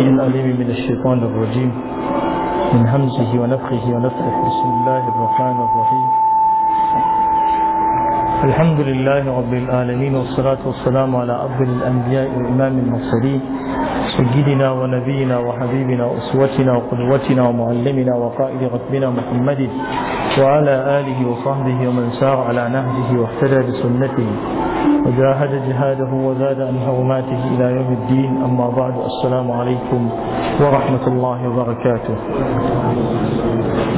السميع العليم من الشيطان الرجيم من همزه ونفخه ونفخه بسم الله الرحمن الرحيم الحمد لله رب العالمين والصلاة والسلام على أفضل الأنبياء وإمام المرسلين سيدنا ونبينا وحبيبنا وأسوتنا وقدوتنا ومعلمنا وقائد ربنا محمد وعلى آله وصحبه ومن سار على نهجه واهتدى بسنته وجاهد جهاده وزاد عن حرماته إلى يوم الدين أما بعد السلام عليكم ورحمة الله وبركاته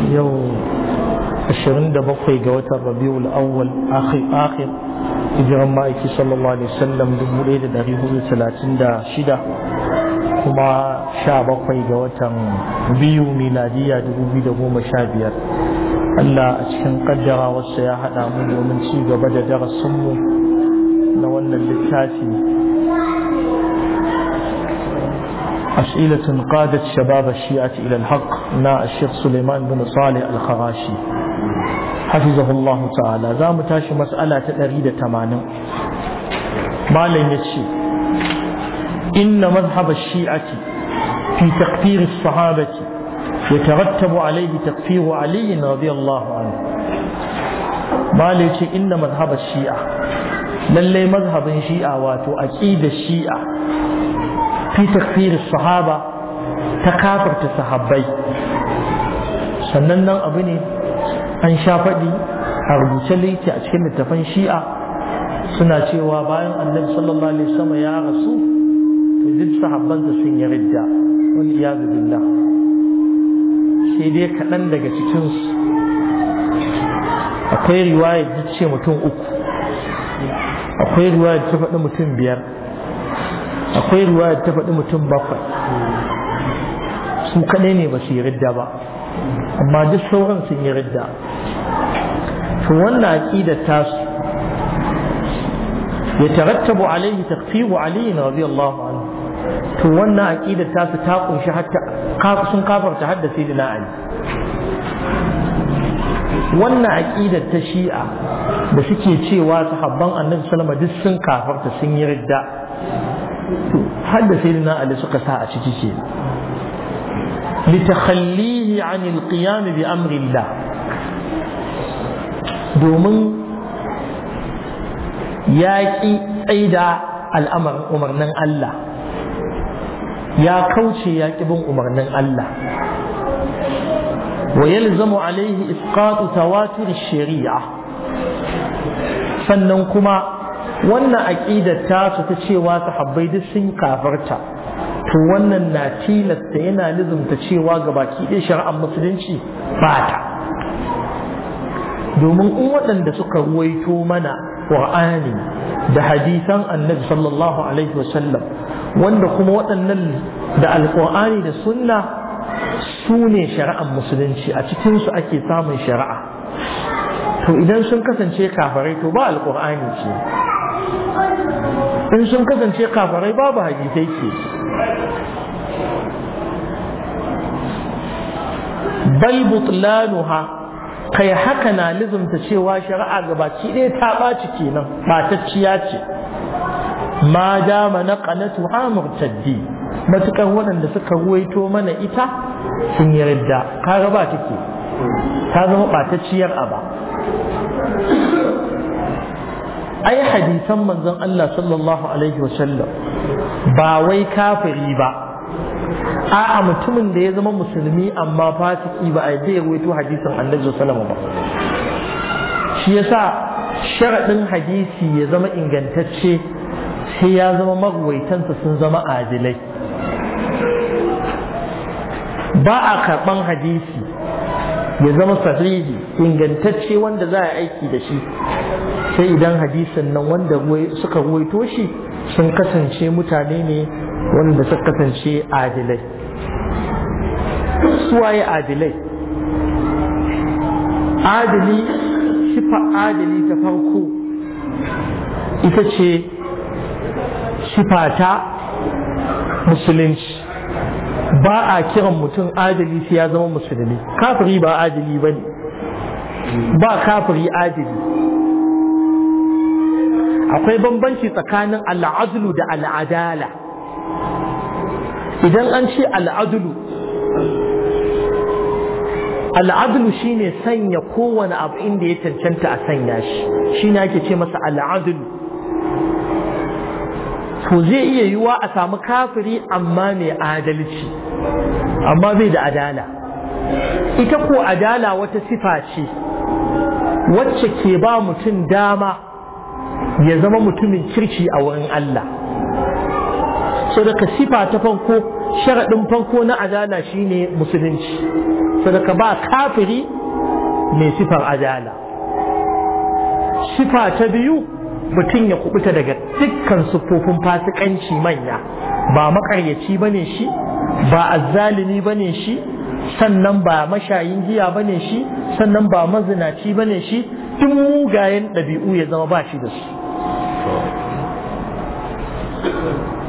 يوم الشرين دبقي قوة الربيع الأول آخر آخر hijiran ma'aiki sallallahu alaihi wasallam dubu ɗaya da ɗari hudu talatin da shida kuma sha bakwai ga watan biyu miladiya dubu biyu da goma sha biyar Allah a cikin kaddarawarsa ya haɗa mu domin ci gaba da darasinmu na wannan littafi أسئلة قادت شباب الشيعة إلى الحق نا الشيخ سليمان بن صالح الخراشي حفظه الله تعالى ذا متاش مسألة تريد تمانا ما لن يتشي إن مذهب الشيعة في تقدير الصحابة يترتب عليه تكفير علي رضي الله عنه ما ليتي إن مذهب الشيعة للي مذهب الشيعة وتؤكيد الشيعة في ta kafarta تكافر تسحبي sannan abini an sha faɗi a rubuce laifi a cikin littafin shi'a suna cewa bayan annabi sallallahu alaihi sama ya rasu to duk sahabbansa sun yarda wani iyazu billah sai dai kaɗan daga cikinsu akwai riwayar da ce mutum uku akwai riwayar ta faɗi mutum biyar akwai riwayar ta faɗi mutum bakwai su kaɗai ne ba su yi ridda ba amma duk sauran sun yi ridda to wannan aƙidar tasu ya tarattabu alaihi taqfiru na rabi anhu to wannan aqidar ta su ta kunshi hatta sun kafarta hadda sayyidina ali wannan aqidar ta shi'a da suke cewa sahabban annabi sallama duk sun kafarta sun yi ridda hadda sayyidina ali suka sa a ciki ke litakhallihi an qiyam bi amrillah domin yaƙi tsaida al'amarin umarnin Allah ya kauce ya ƙi bin umarnin Allah wa yalzamu alaihi isqatu tawatur shari'a sannan kuma wannan aqidar ta su ta cewa sahabbai duk sun kafarta to wannan na tilasta yana nizumta cewa ga baki ɗaya shari'ar musulunci ba ta domin in waɗanda suka ruwaito mana ƙur'ani da hadisan annabi sallallahu alaihi wasallam wanda kuma waɗannan da alƙur'ani da sunna su ne shari'ar musulunci a cikinsu ake samun shari'a to idan sun kasance kafarai to ba alƙur'ani ce in sun kasance kafarai babu hadisai ce bal butlanuha kai haka na lizumta cewa shari'a gabaci ɗaya ta ɓaci kenan ɓatacciya ce ma dama na ƙanatu ha murtaddi matuƙar waɗanda suka ruwaito mana ita sun yi ridda kaga ba take ta zama ɓatacciyar aba ai hadisan manzon Allah sallallahu alaihi wa sallam" ba wai kafiri ba a'a mutumin da ya zama musulmi amma fasiki ba a zai ruwaito hadisin annabi sallallahu ba shi yasa sharaɗin hadisi ya zama ingantacce sai ya zama magwaitansa sun zama adilai ba a karɓan hadisi ya zama sahihi ingantacce wanda za a aiki da shi sai idan hadisin nan wanda suka ruwaito shi sun kasance mutane ne wanda suka kasance adilai suwaye adilai adili shifa adili ta farko ita ce Sifata ta musulunci ba a kiran mutum adali sai ya zama musulmi kafiri ba adali ba ne ba kafiri adali akwai bambanci tsakanin al'adulu da al'adala idan an ce al'adulu al'adulu shine sanya kowane abu inda ya cancanta a sanya shi shi ne ake ce masa al'adulu to zai iya yiwuwa a samu kafiri amma mai adalci amma bai da adala ita ko adala wata sifa ce wacce ke ba mutum dama ya zama mutumin kirki a wurin Allah sadaka sifa ta farko sharaɗin farko na adala shine musulunci sadaka ba kafiri mai sifar adala sifa ta biyu mutum ya kubuta daga dukkan siffofin fasikanci manya ba makaryaci bane shi ba azzalimi bane shi sannan ba mashayin giya bane shi sannan ba mazinaci bane shi duk mugayen ɗabi'u ya zama ba shi da su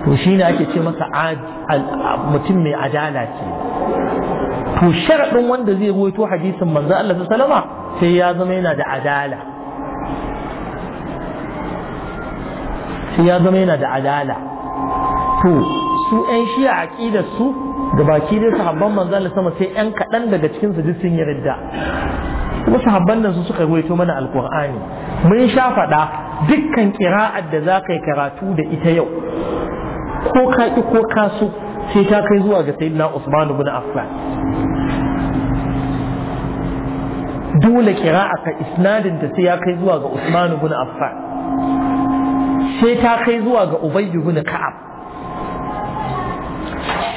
to shi ne ake ce masa mutum mai adala ce to sharaɗin wanda zai ruwaito hadisin manzo Allah sallama sai ya zama yana da adala sai ya zama yana da adala to su yan a aqidar su da baki dai sahabban manzo Allah sama sai yan kaɗan daga cikin su duk sun yarda kuma sahabban nan su suka gwaito mana alqur'ani mun sha faɗa dukkan ƙira'ar da za ka yi karatu da ita yau ko ka ƙi ko ka so sai ta kai zuwa ga sayyidina Usman ibn Affan dole ƙira'a ka isnadin ta sai ya kai zuwa ga Usman ibn Affan sai ta kai zuwa ga ubay ibn ka'ab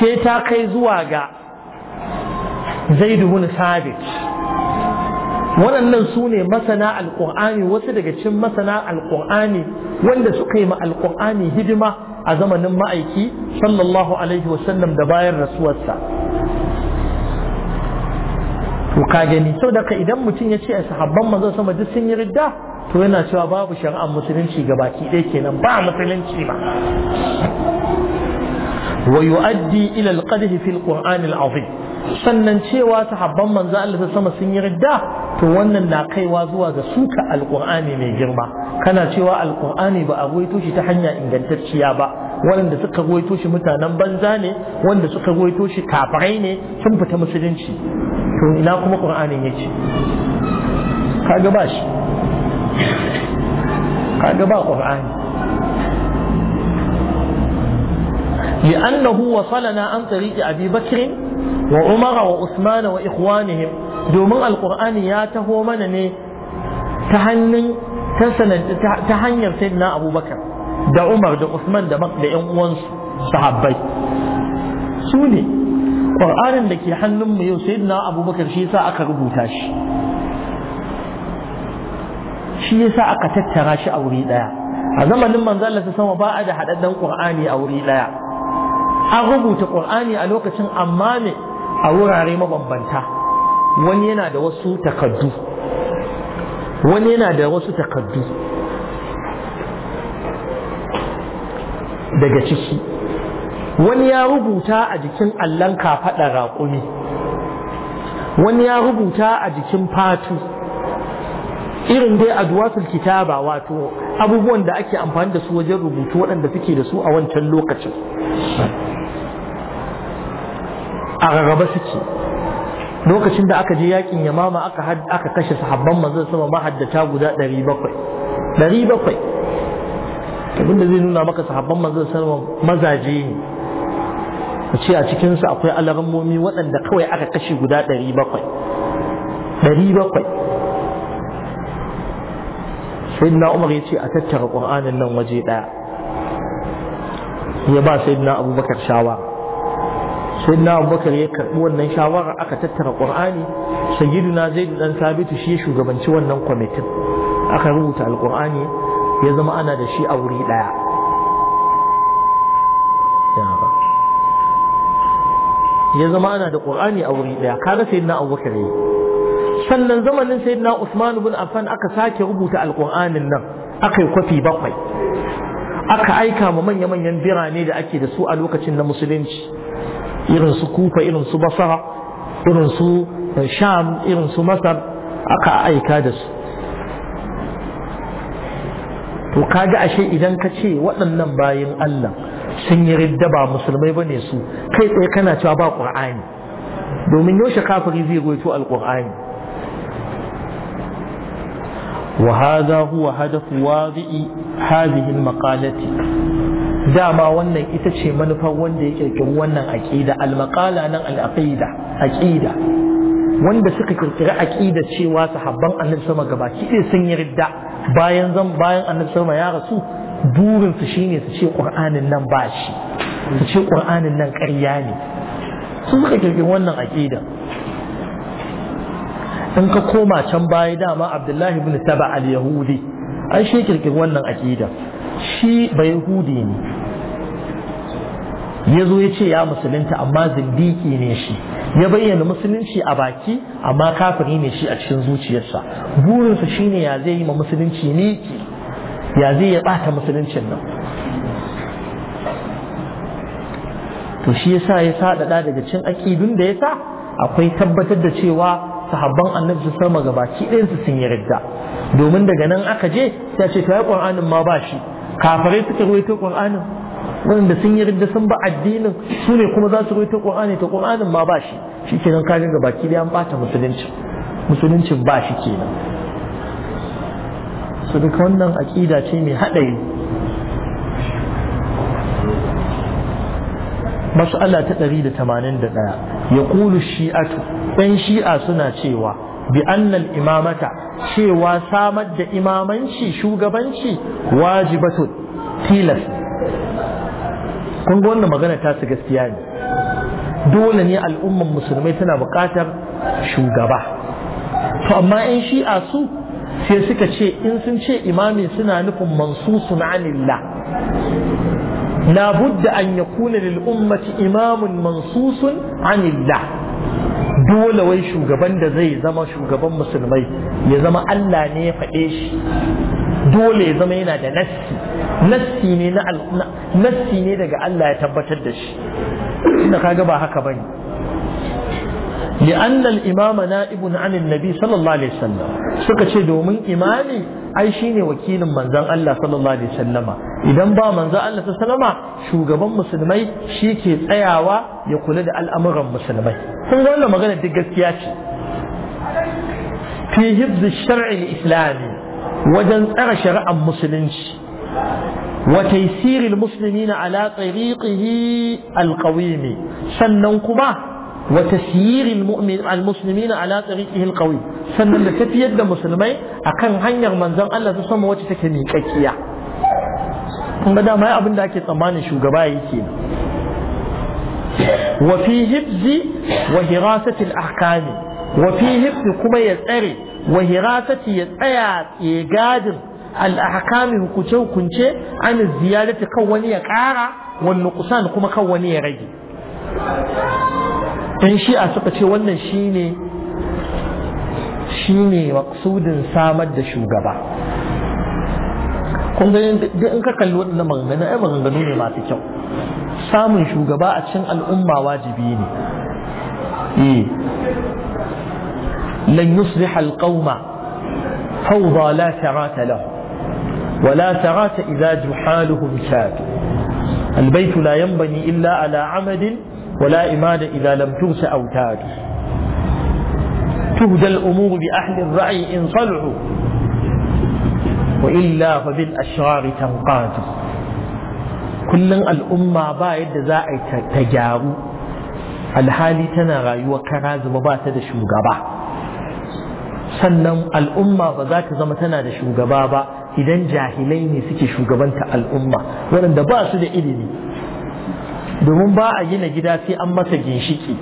sai ta kai zuwa ga zaid ibn sabit waɗannan su ne masana alƙur'ani wasu daga cikin masana alƙur'ani wanda suka yi ma alƙur'ani hidima a zamanin ma'aiki sallallahu alaihi wasallam da bayan rasuwarsa to ka gani saboda idan mutum yace ce a sahabban manzon sama duk sun yi ridda to yana cewa babu shari'ar musulunci ga baki ɗaya kenan ba musulunci ba wa yu'addi ila al fi al-qur'an sannan cewa sahabban manzo Allah ta sama sun yi ridda to wannan na kaiwa zuwa ga suka alqur'ani mai girma kana cewa alqur'ani ba a goyito shi ta hanya ingantacciya ba waɗanda suka goyito shi mutanen banza ne wanda suka goyito shi kafirai ne sun fita musulunci to ina kuma qur'anin yake kaga ba shi kaga ba qur'ani tariqi abi bakr wa Umar wa usman wa ikhwanihim domin alqur'ani ya taho mana ne ta hannun ta hanyar sayyidina abubakar da umar da usman da da yan uwansu sahabbai su ne ƙur'anin da ke hannun mu yau sayyidina abubakar shi sa aka rubuta shi shi yasa aka tattara shi a wuri daya a zamanin manzo Allah sama ba a da hadaddan Qur'ani a wuri daya an rubuta Qur'ani a lokacin amma ne a wurare mabambanta wani yana da wasu takaddu wani yana da wasu takaddu daga ciki wani ya rubuta a jikin allon kafaɗa raƙumi wani ya rubuta a jikin fatu irin dai adwatul kitaba wato abubuwan da ake amfani da su wajen rubutu waɗanda suke da su a wancan lokacin a rarraba suke lokacin da aka je yakin yamama aka aka kashe sahabban manzon sama mahaddata guda 700 700 da zai nuna maka sahabban manzon sama mazaje ne a ce a cikinsu akwai alarammomi waɗanda kawai aka kashe guda 700 700 sayyidina umar ya ce a tattara qur'anin nan waje daya ya ba sayyidina abubakar shawara sayyidina abubakar ya karbi wannan shawara aka tattara qur'ani sayyidina zaid dan sabitu shi ya shugabanci wannan kwamitin aka rubuta alqur'ani ya zama ana da shi a wuri daya ya zama ana da qur'ani a wuri daya kaga sayyidina abubakar ya sannan zamanin sayyidina Usman ibn Affan aka sake rubuta alqur'anin nan aka yi kwafi bakwai aka aika ma manya-manyan birane da ake da su a lokacin na musulunci irin su kufa irin su basara irin su eh, sham irin su masar aka aika da su to kaga ashe idan ka ce waɗannan bayan Allah sun yi ridda ba musulmai ba ne su kai tsaye kana cewa ba ƙur'ani domin yaushe kafiri zai goyi to alƙur'ani وهذا هو هدف واضع هذه المقالة dama wannan ita ce manufar wanda ya kirkiri wannan aƙida almaƙala nan al'aƙida aƙida wanda suka kirkiri aƙida cewa sahabban annabi sama gabaki ɗaya sun yi ridda bayan zan bayan ya rasu burin shine su ce qur'anin nan ba su ce qur'anin nan ƙarya ne su suka wannan aƙida sun ka koma can baya dama abdullahi bin saba al-yahudi an shi kirkir wannan akida shi bai yahudi ne ya zo ya ce ya musulunta amma zindiki ne shi ya bayyana musulunci a baki amma kafiri ne shi a cikin zuciyarsa burinsa shine ya zai yi ma musulunci ne ya zai ya bata musuluncin nan to shi yasa ya sadada daga cin akidun da yasa akwai tabbatar da cewa sahabban annabi su sama ga baki ɗayansu sun yi ridda domin daga nan aka je ta ce ta yi ƙur'anin ma ba shi kafarai suka ruwaito ƙur'anin wanda sun yi ridda sun ba addinin su ne kuma za su ruwaito ƙur'ani ta ƙur'anin ma ba shi shi kenan ka ga baki ɗaya an ɓata musulunci musuluncin ba shi kenan su duka wannan aƙida ce mai haɗari Masu Allah ta ɗari da da tamanin ɗaya ya ƙulu shi'atu ɗan shi'a suna cewa bi annal imamata cewa samar da imamanci shugabanci wajibatu tilas kun ga magana ta su gaskiya ne dole ne al'umman musulmai tana buƙatar shugaba to amma 'yan shi'a su sai suka ce in sun ce imami suna nufin mansusun anillah la budda an yakuna lil ummati imamun mansusun anillah dole wai shugaban da zai zama shugaban musulmai ya zama Allah ne ya fade shi dole ya zama yana da nassi nassi ne na nassi ne daga Allah ya tabbatar da shi inda kaga ba haka bane لأن الإمام نائب عن النبي صلى الله عليه وسلم suka ce domin imami ai shine wakilin manzon Allah sallallahu alaihi wasallama idan ba manzo Allah ta salama shugaban musulmai shi ke tsayawa ya kula da al'amuran musulmai kun ga wannan magana duk gaskiya ce fi hibzi shar'i islami wajen tsara shari'ar musulunci wa taysiril muslimina ala tariqihi alqawim sannan kuma وتسيير المؤمن المسلمين ala tariqihi alqawim sannan da tafiyar da musulmai akan hanyar manzon Allah ta sama wacce take miƙaƙiya kun ga dama abin da ake tsammanin shugaba ya ke. kenan wa fi hibzi wa hirasati al-ahkami wa fi hibzi kuma ya tsare wa hirasati ya tsaya ya gadin al-ahkami hukunce hukunce an ziyarati kan wani ya kara wani nuqsan kuma kan wani ya rage in shi'a suka ce wannan shine shine maqsudin samar da shugaba kun ga in ka kalli waɗannan maganganu ai maganganu ne masu kyau samun shugaba a cikin al'umma wajibi ne lan yusrih alqawma fawda la tarata lahu wa ولا ترات إذا جحالهم شاد البيت لا ينبني إلا على عمد ولا إماد إذا لم تغس أوتاد تهدى الأمور بأهل الرعي إن صلحوا wa illa fa bil ashrar tanqadu kullun al'umma ba yadda za a yi ta gyaru alhali tana rayuwa kara zuba ba ta da shugaba sannan al'umma ba za ta zama tana da shugaba ba idan jahilai ne suke shugabanta al'umma waɗanda ba su da ilimi domin ba a gina gida sai an masa ginshiki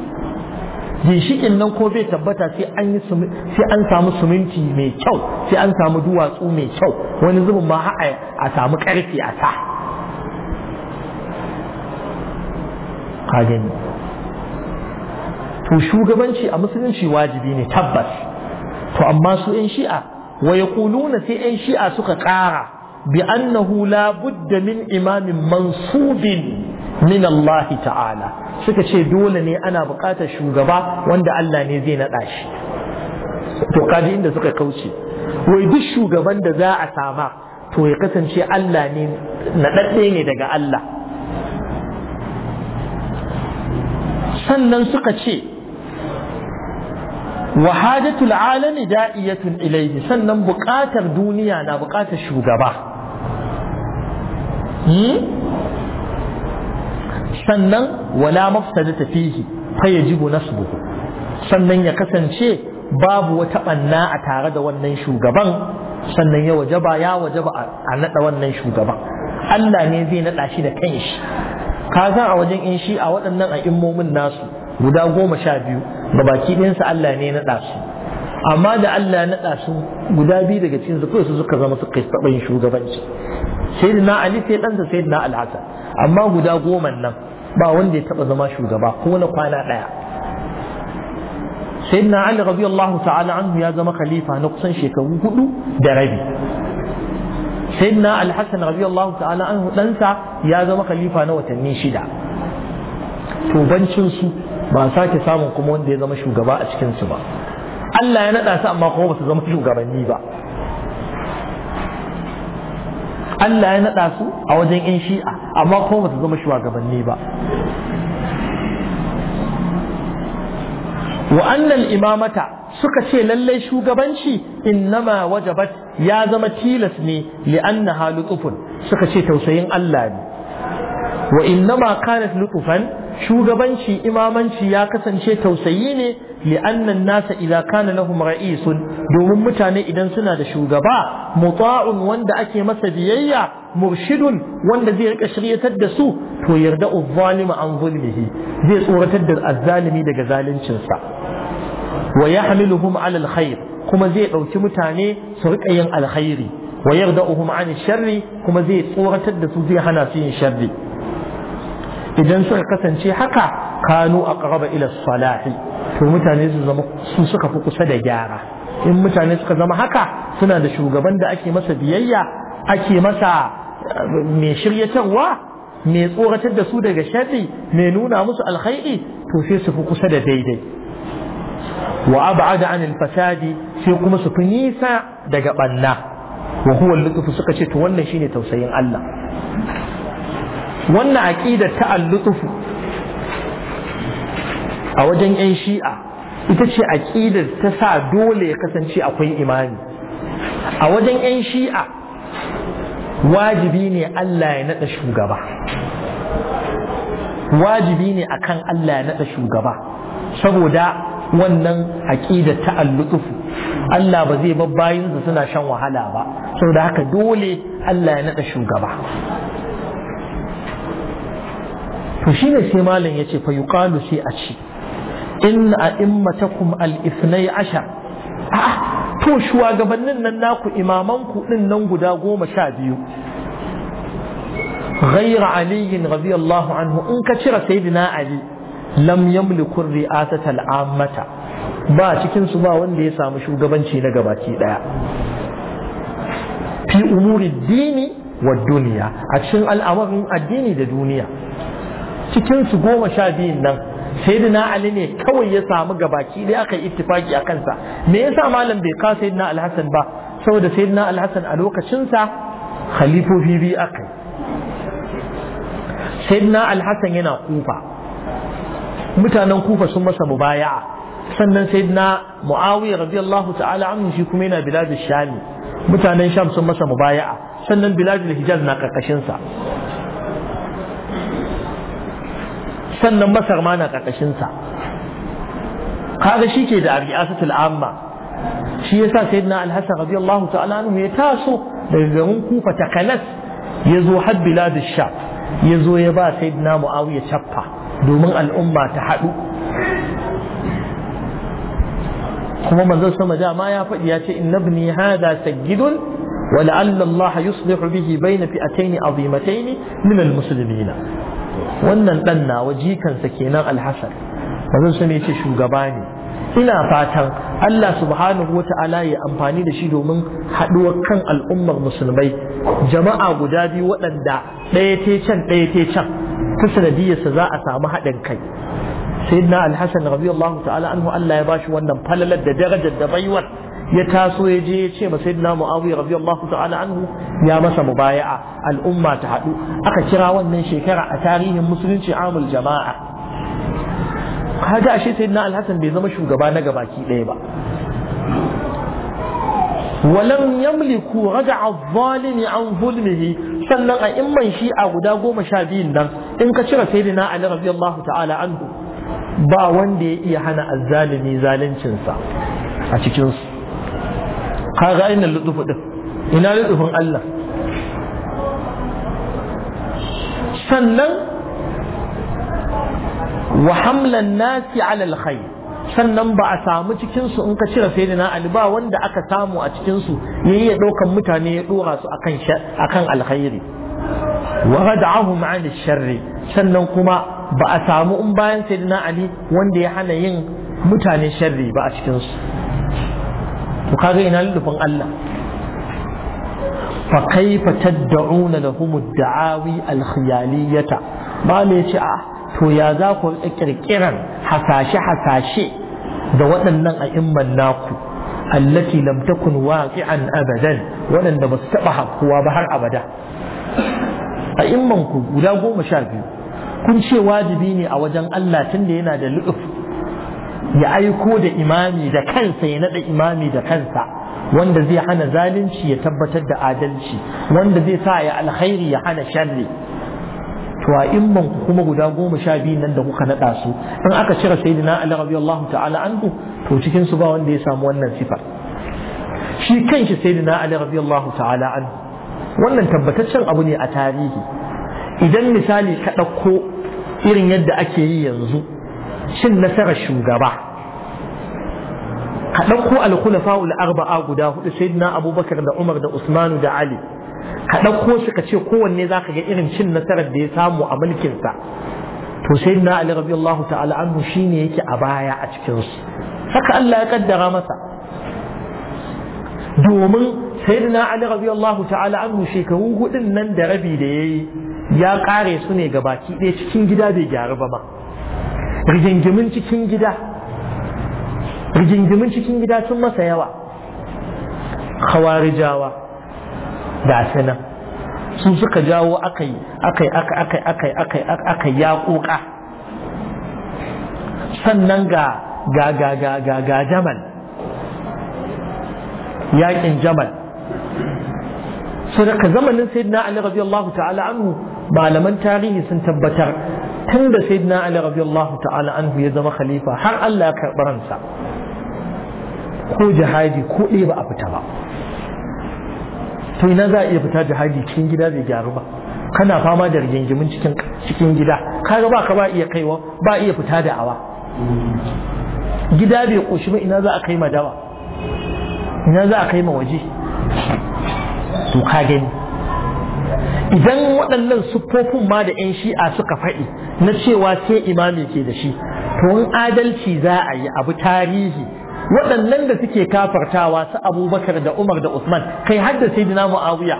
ginshikin nan ko bai tabbata sai an samu suminti mai kyau sai an samu duwatsu mai kyau wani zubin ma a samu ƙarfi a sa gani to shugabanci a musulunci wajibi ne tabbas to amma su yan shi'a wa yaquluna sai yan shi'a suka ƙara bi annahu la budda min imamin mansubin min Allah ta'ala suka ce dole ne ana bukatar shugaba wanda Allah ne zai naɗa shi to kaji inda suka kauce wai duk shugaban da za a sama to ya kasance Allah ne naɗaɗɗe ne daga Allah sannan suka ce wahajatul alami da'iyatun ilaihi sannan bukatar duniya na bukatar shugaba hmm? sannan wala mafsadata fihi fa yajibu nasbuhu sannan ya kasance babu wata banna a tare da wannan shugaban sannan ya wajaba ya wajaba a nada wannan shugaban Allah ne zai nada shi da kanshi Kaza a wajen in shi a waɗannan al'ummomin nasu guda goma sha biyu da baki ɗinsa Allah ne nada su amma da Allah nada su guda biyu daga cikin su su suka zama suka taɓa yin shugabanci na Ali sai ɗansa sayyidina Al-Hasan amma guda goma nan ba wanda ya taba zama shugaba ko na kwana daya sayyidina ali radiyallahu ta'ala anhu ya zama khalifa na kusan shekaru hudu da rabi sayyidina al-hasan radiyallahu ta'ala anhu ɗansa ya zama khalifa na watanni shida to bancin su ba sake samun kuma wanda ya zama shugaba a cikin su ba Allah ya nada su amma kuma ba su zama shugabanni ba Allah ya naɗa su a wajen 'yan shi'a amma ko ba su zama shugabanni ba wa'annan imamata suka ce lallai shugabanci innama wajabat ya zama tilas ne li'anna ha lutufun suka ce tausayin Allah ne wa innama kanat lutufan shugabanci imamanci ya kasance tausayi ne li'anna an-nasa idza kana lahum ra'isun domin mutane idan suna da shugaba mutsa'un wanda ake masa biyayya murshidun wanda zai rika shiryatar da su to yarda az-zalima an zulmihi zai tsoratar da az daga zaluncinsa wa yahmiluhum 'ala al-khair kuma zai ɗauki mutane su rika yin alkhairi wa yarda'uhum 'an ash-sharri kuma zai tsoratar da su zai hana su yin sharri idan suka kasance haka kanu aqraba ila salahi to mutane su zama su suka fi kusa da gyara in mutane suka zama haka suna da shugaban da ake masa biyayya ake masa eh, mai shiryatarwa mai tsoratar da su daga sharri mai nuna musu alkhairi to sai su fi kusa da daidai wa ab'ada anil fasadi sai kuma su fi nisa daga banna wa huwa suka ce to wannan shine tausayin Allah wannan aqidar ta al-lutufu a wajen 'yan shi'a ita ce aƙidar ta sa dole ya kasance akwai imani a wajen 'yan shi'a wajibi ne Allah ya naɗa shugaba wajibi ne akan Allah ya naɗa shugaba saboda wannan aƙidar ta allutufu Allah ba zai bar bayinsa suna shan wahala ba saboda haka dole Allah ya naɗa shugaba to shine sai malam yace fa yuqalu sai a ce in a immatakum al-ithnai ashar a to shugabannin nan naku imaman ku din nan guda goma sha biyu غير علي رضي الله عنه إن كشر سيدنا علي لم يملك الرئاسة العامة با cikin su ba wanda ya samu shugabanci na gabaki daya fi umuri dini wa duniya a cikin al'amarin addini da duniya cikin su goma sha biyun nan sayyidina ali ne kawai ya samu gabaki dai aka yi ittifaki a kansa me yasa malam bai kawo sayyidina AlHassan ba saboda sayyidina AlHassan a lokacinsa khalifofi biyu aka yi sayyidina AlHassan yana kufa mutanen kufa sun masa mubaya'a sannan sayyidina muawiya radiyallahu ta'ala anhu shi kuma yana biladul shami mutanen sham sun masa mubaya'a sannan biladul hijaz na karkashin sa sannan masar ma na ƙarƙashinsa kaga shi ke da ri'asatul amma shi yasa sayyidina al-hasan radiyallahu ta'ala anhu ya taso daga garin kufa ta kanas ya zo har da sha ya zo ya ba sayyidina muawiya cappa domin al'umma ta haɗu kuma manzon sama dama ya faɗi ya ce inna ibni hada sajidun wa la'alla Allah yuslihu bihi bayna fi'atayn azimatayn min al-muslimina wannan dan nawa jikansa kenan alhassan wannan sun yace shugaba ne ina fatan Allah subhanahu wata'ala ya amfani da shi domin haɗuwar kan al'ummar musulmai jama'a guda biyu waɗanda ɗaya te can ɗaya te can ta sanadiyarsa za a samu haɗin kai sayyidina alhassan radiyallahu ta'ala anhu Allah ya bashi wannan falalar da darajar da baiwar ya taso ya je ya ce ma sayyidina muawiya radiyallahu ta'ala anhu ya masa mubaya'a al'umma ta haɗu aka kira wannan shekara a tarihin musulunci amul jama'a kaga ashe sayyidina al alhassan bai zama shugaba na gabaki ɗaya ba ولم yamliku رجع azzalimi an ظلمه sannan a imman shi a guda goma sha biyun nan in ka cire Saidina ali radiyallahu ta'ala anhu ba wanda ya iya hana azzalimi zaluncinsa a cikinsu ka ga ainihin lutufu din ina lutufin Allah sannan wa hamlan nasi ala alkhair sannan ba a samu cikinsu in ka cire sai na ali ba wanda aka samu a cikinsu ya yi ya ɗaukan mutane ya ɗora su akan alkhairi wa rad'ahum an sharri sannan kuma ba a samu in bayan sayyidina ali wanda ya hana yin mutane sharri ba a cikinsu to kaga ina lulufin Allah fa kaifa tad'una lahum ad-da'awi al-khiyaliyata ba me yace a to ya za ku kirkiran hasashe hasashe da waɗannan a'imman naku allati lam takun waqi'an abadan waɗanda ba su taɓa hakuwa ba har abada a'imman ku guda goma sha biyu kun ce wajibi ne a wajen Allah tunda yana da lu'uf ya aiko da imami da kansa ya nada imami da kansa wanda zai hana zalunci ya tabbatar da adalci wanda zai sa ya alkhairi ya hana sharri to a in ku kuma guda goma sha biyu nan da kuka nada su in aka cire sayyidina ali radiyallahu ta'ala anhu to cikin su ba wanda ya samu wannan sifa shi kanshi sayyidina ali radiyallahu ta'ala anhu wannan tabbataccen abu ne a tarihi idan misali ka ɗauko irin yadda ake yi yanzu cin nasarar shugaba ka ɗauko alkhulafa'ul arba'a guda hudu sayyidina abubakar da umar da usmanu da ali ka ɗauko su ka ce kowanne za ka ga irin cin nasarar da ya samu a mulkinsa to sai na Ali radiyallahu ta'ala anhu shine yake a baya a cikin su haka Allah ya kaddara masa domin sayyidina Ali radiyallahu ta'ala anhu shekaru hudun nan da rabi da yayi ya kare su ne gabaki ɗaya cikin gida bai gyaru ba ma rigingimin cikin gida rigingimin cikin gida sun masa yawa khawarijawa da sanan su suka jawo akai akai akai akai akai akai ya kuka sannan ga ga ga ga ga ga jamal yakin jamal so daga zamanin sayyidina ali radiyallahu ta'ala anhu malaman tarihi sun tabbatar tun da sayyidina ali radiyallahu ta'ala anhu ya zama khalifa har Allah ya karɓi ransa ko jihadi ko ɗaya ba a fita ba to ina za a iya fita jihadi cikin gida bai gyaru ba kana fama da rigingimin cikin cikin gida ga ba ka ba iya kaiwa ba iya fita da awa gida bai koshi ba ina za a kai ma dawa ina za a kai ma waje to ka gani idan waɗannan siffofin ma da 'yan shi'a suka faɗi na cewa sai imami ke da shi to in adalci za a yi abu tarihi waɗannan da suke kafartawa su abubakar da umar da usman kai har da sai dina mu'awiya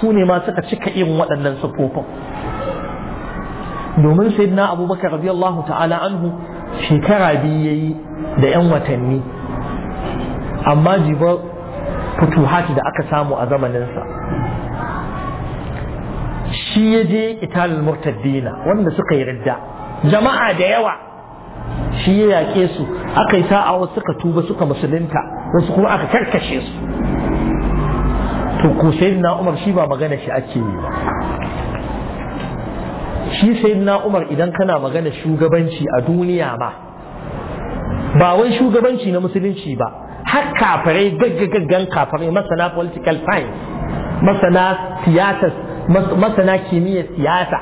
su ne ma suka cika irin waɗannan siffofin domin sai dina abubakar radiyallahu ta'ala anhu shekara biyu ya yi da 'yan watanni amma jibar futuhat da aka samu a zamaninsa shi ya je italin murtaddina wanda suka yi ridda jama'a da yawa shi ya yaƙe su aka yi sa'a wasu suka tuba suka musulunta wasu kuma aka karkashe su to ko na Umar shi ba magana shi ake yi ba shi na Umar idan kana magana shugabanci a duniya ma ba wai shugabanci na musulunci ba har kafirai gaggagaggan kafirai masana political science masana theaters masana kimiyyar siyasa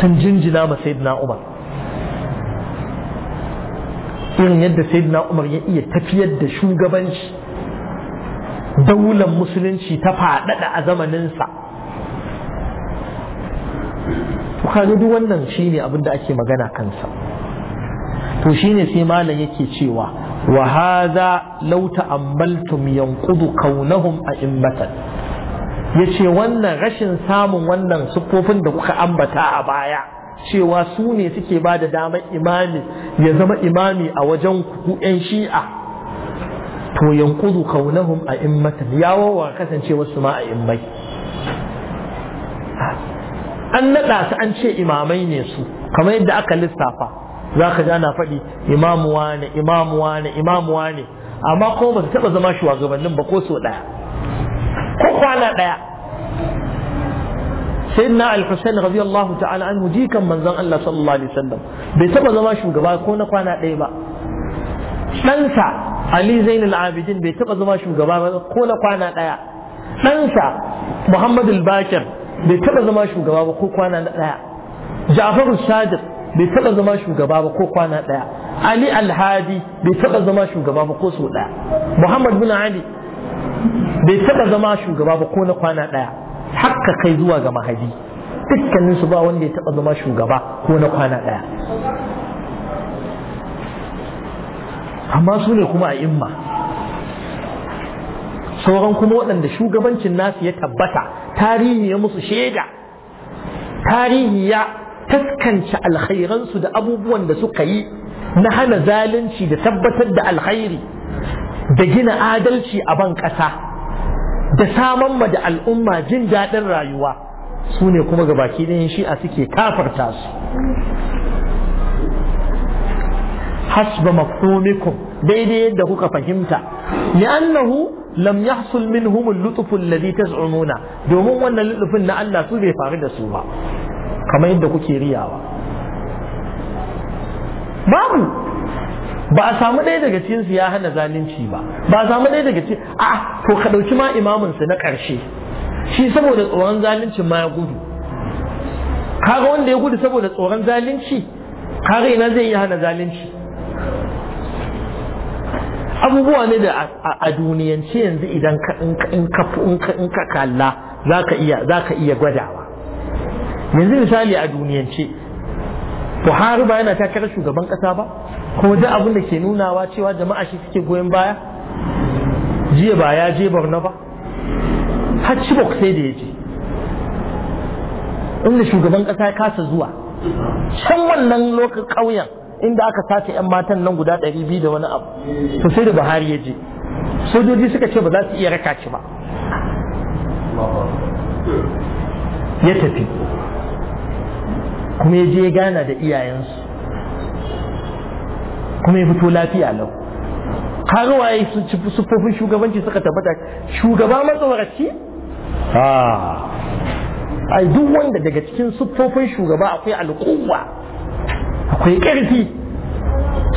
sun jinjina ma sayyidina umar irin yadda sayyidina umar ya iya tafiyar da shugabanci daular musulunci ta faɗaɗa a zamaninsa duk wannan shine abin da ake magana kansa to shine sai malam yake cewa wa hadha law ta'ammaltum yanqudu kaunahum a'immatan ya ce wannan rashin samun wannan siffofin da kuka ambata a baya cewa su ne suke ba da damar imami ya zama imami a wajen ku 'yan shi'a to yankudu kaunahum a immatan wa kasance wasu ma a immai an naɗa su an ce imamai ne su kamar yadda aka lissafa za ka ana faɗi imamuwa ne imamuwa ne imamuwa ne amma kuma ba su taɓa zama shugabannin ba ko so ɗaya كخوانا دا سيدنا الحسين رضي الله تعالى عنه دي من زن الله صلى الله عليه وسلم بيتبا زما شوغبا كو نا كوانا داي با دانسا علي زين العابدين بيتبا زما شوغبا كو نا كوانا داي دانسا محمد الباكر بيتبا زما شوغبا كو كوانا داي جعفر الصادق بيتبا زما شوغبا كو كوانا داي علي الهادي بيتبا زما شوغبا كو سو داي محمد بن علي bai taɓa zama shugaba ba ko na kwana ɗaya haka kai zuwa ga mahadi dukkanin su ba wanda ya taɓa zama shugaba ko na kwana ɗaya amma su ne kuma a imma sauran kuma waɗanda shugabancin nasu ya tabbata tarihi ya musu shaida tarihi ya taskance alkhairansu da abubuwan da suka yi na hana zalunci da tabbatar da alkhairi da gina adalci a ban ƙasa da saman ma da al'umma jin daɗin rayuwa su ne kuma gabaki ɗayan shi'a suke kafarta su hasba mafhumikum daidai yadda kuka fahimta li'annahu lam yahsul minhum al-lutf alladhi taz'umuna domin wannan lutfin na Allah su bai faru da su ba kamar yadda kuke riyawa babu ba a samu ɗaya daga cikinsu ya hana zalunci ba ba a samu ɗaya daga cikin a to ka ɗauki ma imaminsu na ƙarshe shi saboda tsoron zaluncin ma ya gudu kaga wanda ya gudu saboda tsoron zalunci kaga ina zai iya hana zalunci abubuwa ne da a duniyance yanzu idan in ka kalla za ka iya gwadawa yanzu misali a duniyance buhari ba yana takarar shugaban ƙasa ba ko duk abin da ke nunawa cewa jama'a shi suke goyon baya jiya ba ya je borno ba har bok sai da ya je inda shugaban kasa ya kasa zuwa can wannan lokacin ƙauyen inda aka sace 'yan matan nan guda 200 da wani abu to sai da buhari ya je sojoji suka ce ba za su iya raka shi ba ya tafi kuma ya je ya gana da iyayensu kuma ya fito lafiya lau har waye su ci sufofin shugabanci suka tabbata shugaba matsoraci a ah. duk wanda daga cikin siffofin shugaba akwai alƙuwa akwai ƙarfi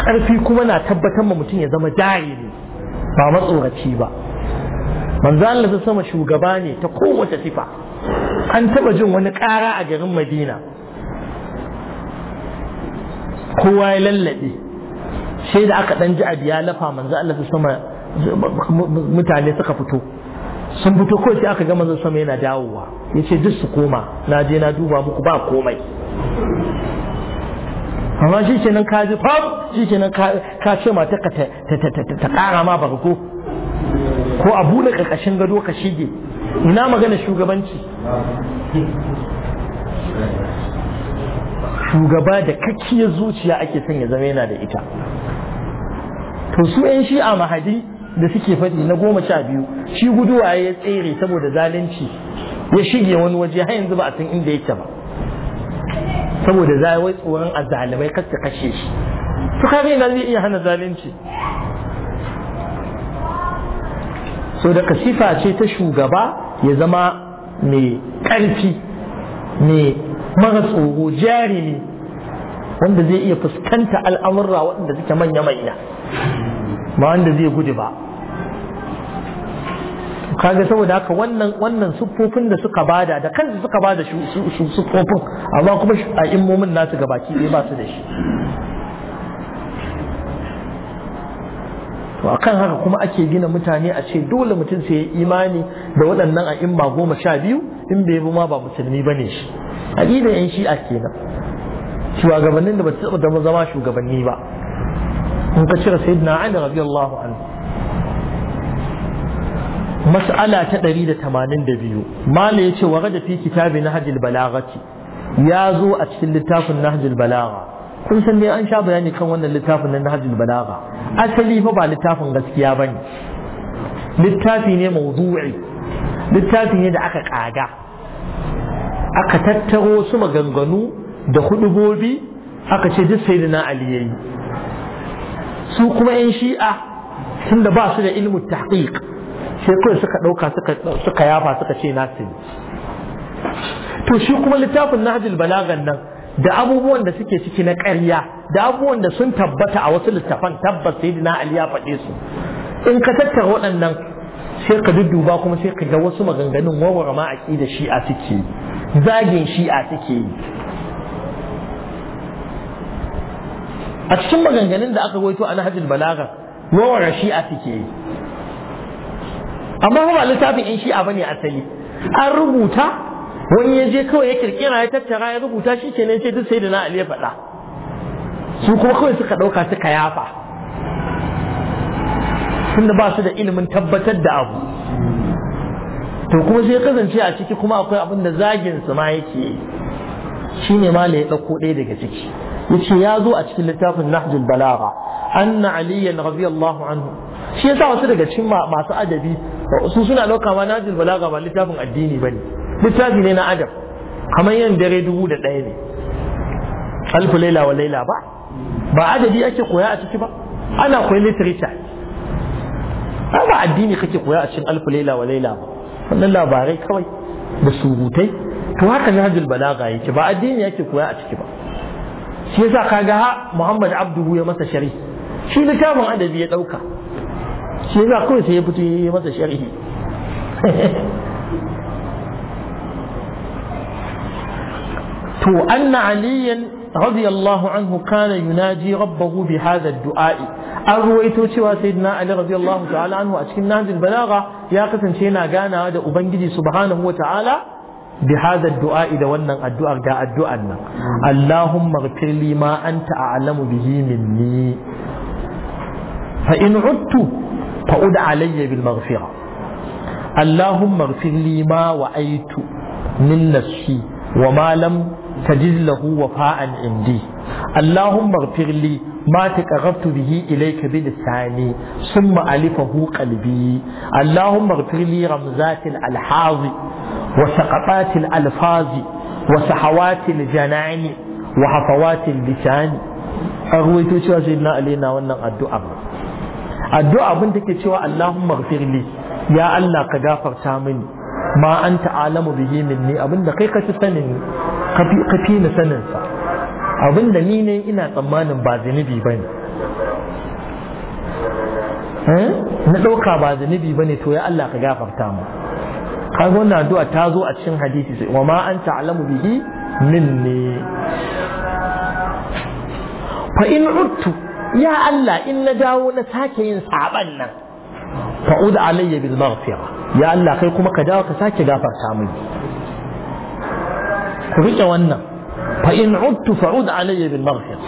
ƙarfi kuma na tabbatar ma mutum ya zama ne ba matsoraci ba manzo Allah sama shugaba ne ta kowace sifa an taba jin wani ƙara a garin Madina kowa ya lallabe sai da aka ɗan ji abu ya lafa manzo Allah su sama mutane suka fito sun fito ko sai aka ga manzo sama yana dawowa ya ce duk su koma na je na duba muku ba komai amma shi nan ka ji fam shi nan ka ce mata ta ƙara ma barko ko a buɗe ƙarƙashin gado ka shige ina magana shugabanci shugaba da kakkiyar zuciya ake sanya zama yana da ita to su yan shi'a mahadi da suke faɗi na goma sha biyu shi guduwa ya tsere saboda zalunci ya shige wani waje har yanzu ba a san inda yake ba saboda zawai tsoron a kar ta kashe shi su kare na zai iya hana zalunci so da kasifa ce ta shugaba ya zama mai ƙarfi mai mara tsoro ne wanda zai iya fuskanta al'amurra waɗanda suke manya maina ba wanda zai gudu ba kaga saboda haka wannan wannan sufofin da suka bada da kansu suka bada sufofin amma kuma a imomin nasu ga baki ɗaya ba su da shi to akan haka kuma ake gina mutane a ce dole mutum sai ya imani da waɗannan a imma goma sha biyu in bai ma ba musulmi bane shi aƙidar yan shi'a kenan shugabannin da ba su taɓa zama shugabanni ba in ka cire sayyidina ali radiyallahu anhu mas'ala ta 182 mala ce wa gada fi kitabi nahjul balaghati ya zo a cikin littafin nahjul balagha kun san dai an sha bayani kan wannan littafin na nahjul balagha asali fa ba littafin gaskiya ba ne. littafi ne mawdu'i littafi ne da aka kaga aka tattaro su maganganu da gobi aka ce duk sayyidina ali yayi su kuma yan shi'a tunda ba su da ilmu tahqiq sai kawai suka dauka suka suka yafa suka ce nasu to shi kuma littafin nahjul balagan nan da abubuwan da suke ciki na ƙarya da abubuwan da sun tabbata a wasu littafan tabbas sayyidina ali ya faɗe su in ka tattara waɗannan sai ka dudduba kuma sai ka ga wasu maganganun wawara ma shi shi'a suke zagin shi'a suke yi. a cikin maganganun da aka gwaito a nahajul balaga yawan rashi'a suke yi amma kuma littafin in shi'a bane asali an rubuta wani ya je kawai ya kirkira ya tattara ya rubuta shi kenan sai duk sai da na ali ya faɗa su kuma kawai suka ɗauka suka yafa tunda ba su da ilimin tabbatar da abu to kuma sai kasance a ciki kuma akwai abin da zagin su ma yake shine ma ya ɗauko ɗaya daga ciki yace ya zo a cikin littafin nahjul balagha anna aliyan radiyallahu anhu shi yasa wasu daga cikin masu adabi su suna ɗauka ma nahjul balagha ba littafin addini bane littafi ne na adab kamar yin dare dubu da ɗaya ne alfu laila wa laila ba ba adabi ake koya a ciki ba ana koyi literature ba ba addini kake koya a cikin alfu laila wa laila ba wannan labarai kawai da surutai to haka nahjul balagha yake ba addini yake koya a ciki ba shi yasa kaga ha Muhammad Abduhu ya masa sharhi shi littafin adabi ya dauka shi yasa kawai sai ya fito ya masa sharhi to anna aliyan radiyallahu anhu kana yunaji rabbahu bi hadha ad-du'a an ruwaito cewa sayyidina ali radiyallahu ta'ala anhu a cikin nahjul balagha ya kasance yana ganawa da ubangiji subhanahu wa ta'ala بهذا الدعاء إذا ونن الدعاء جاء الدعاء اللهم اغفر لي ما أنت أعلم به مني فإن عدت فأدع علي بالمغفرة اللهم اغفر لي ما وأيت من نفسي وما لم تجد له وفاء عندي اللهم اغفر لي ما تقربت به إليك بلساني ثم ألفه قلبي اللهم اغفر لي رمزات الألحاظ وسقطات الألفاظ وسحوات الجنان وحفوات اللسان أغويت شو سيدنا علينا وانا الدعاء الدعاء بنتك شو اللهم اغفر لي يا الله كغافر مني ma an ta'alamu bihi minni abinda kai ka fi sanin ka fi ni sanin sa abinda ni ne ina tsammanin ba ba bane eh? na ɗauka ba ba bane to ya Allah ka gafarta mu kai gona addu'a ta zo a cikin hadisi sai wa ma an ta'lamu bihi minni fa in uttu ya Allah in na dawo na sake yin saban nan fa'ud alayya bil maghfira ya Allah kai kuma ka dawo ka sake gafarta mini ku rike wannan fa in udtu fa'ud alayya bil maghfira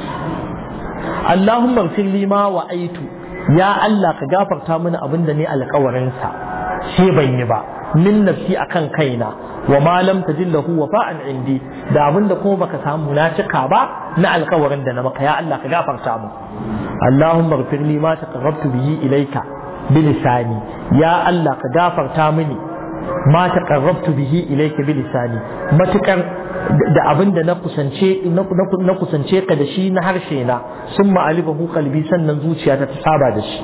Allahumma ighfir lima wa aitu. ya Allah ka gafarta mini abinda ne alƙawarin sa shi ban yi ba min nafsi akan kaina wa malam lam tajid lahu wafa'an indi da abinda kuma baka samu na cika ba na alkawarin da na maka ya Allah ka gafarta mu Allahumma ighfir li ma taqarrabtu bihi ilayka bilisani ya Allah ka gafarta mini ma taqarrabtu bihi ilai ka matukar da abin da na kusance na kusance ka da na harshe na sun ma'alifa hu kalbi sannan zuciya ta saba da shi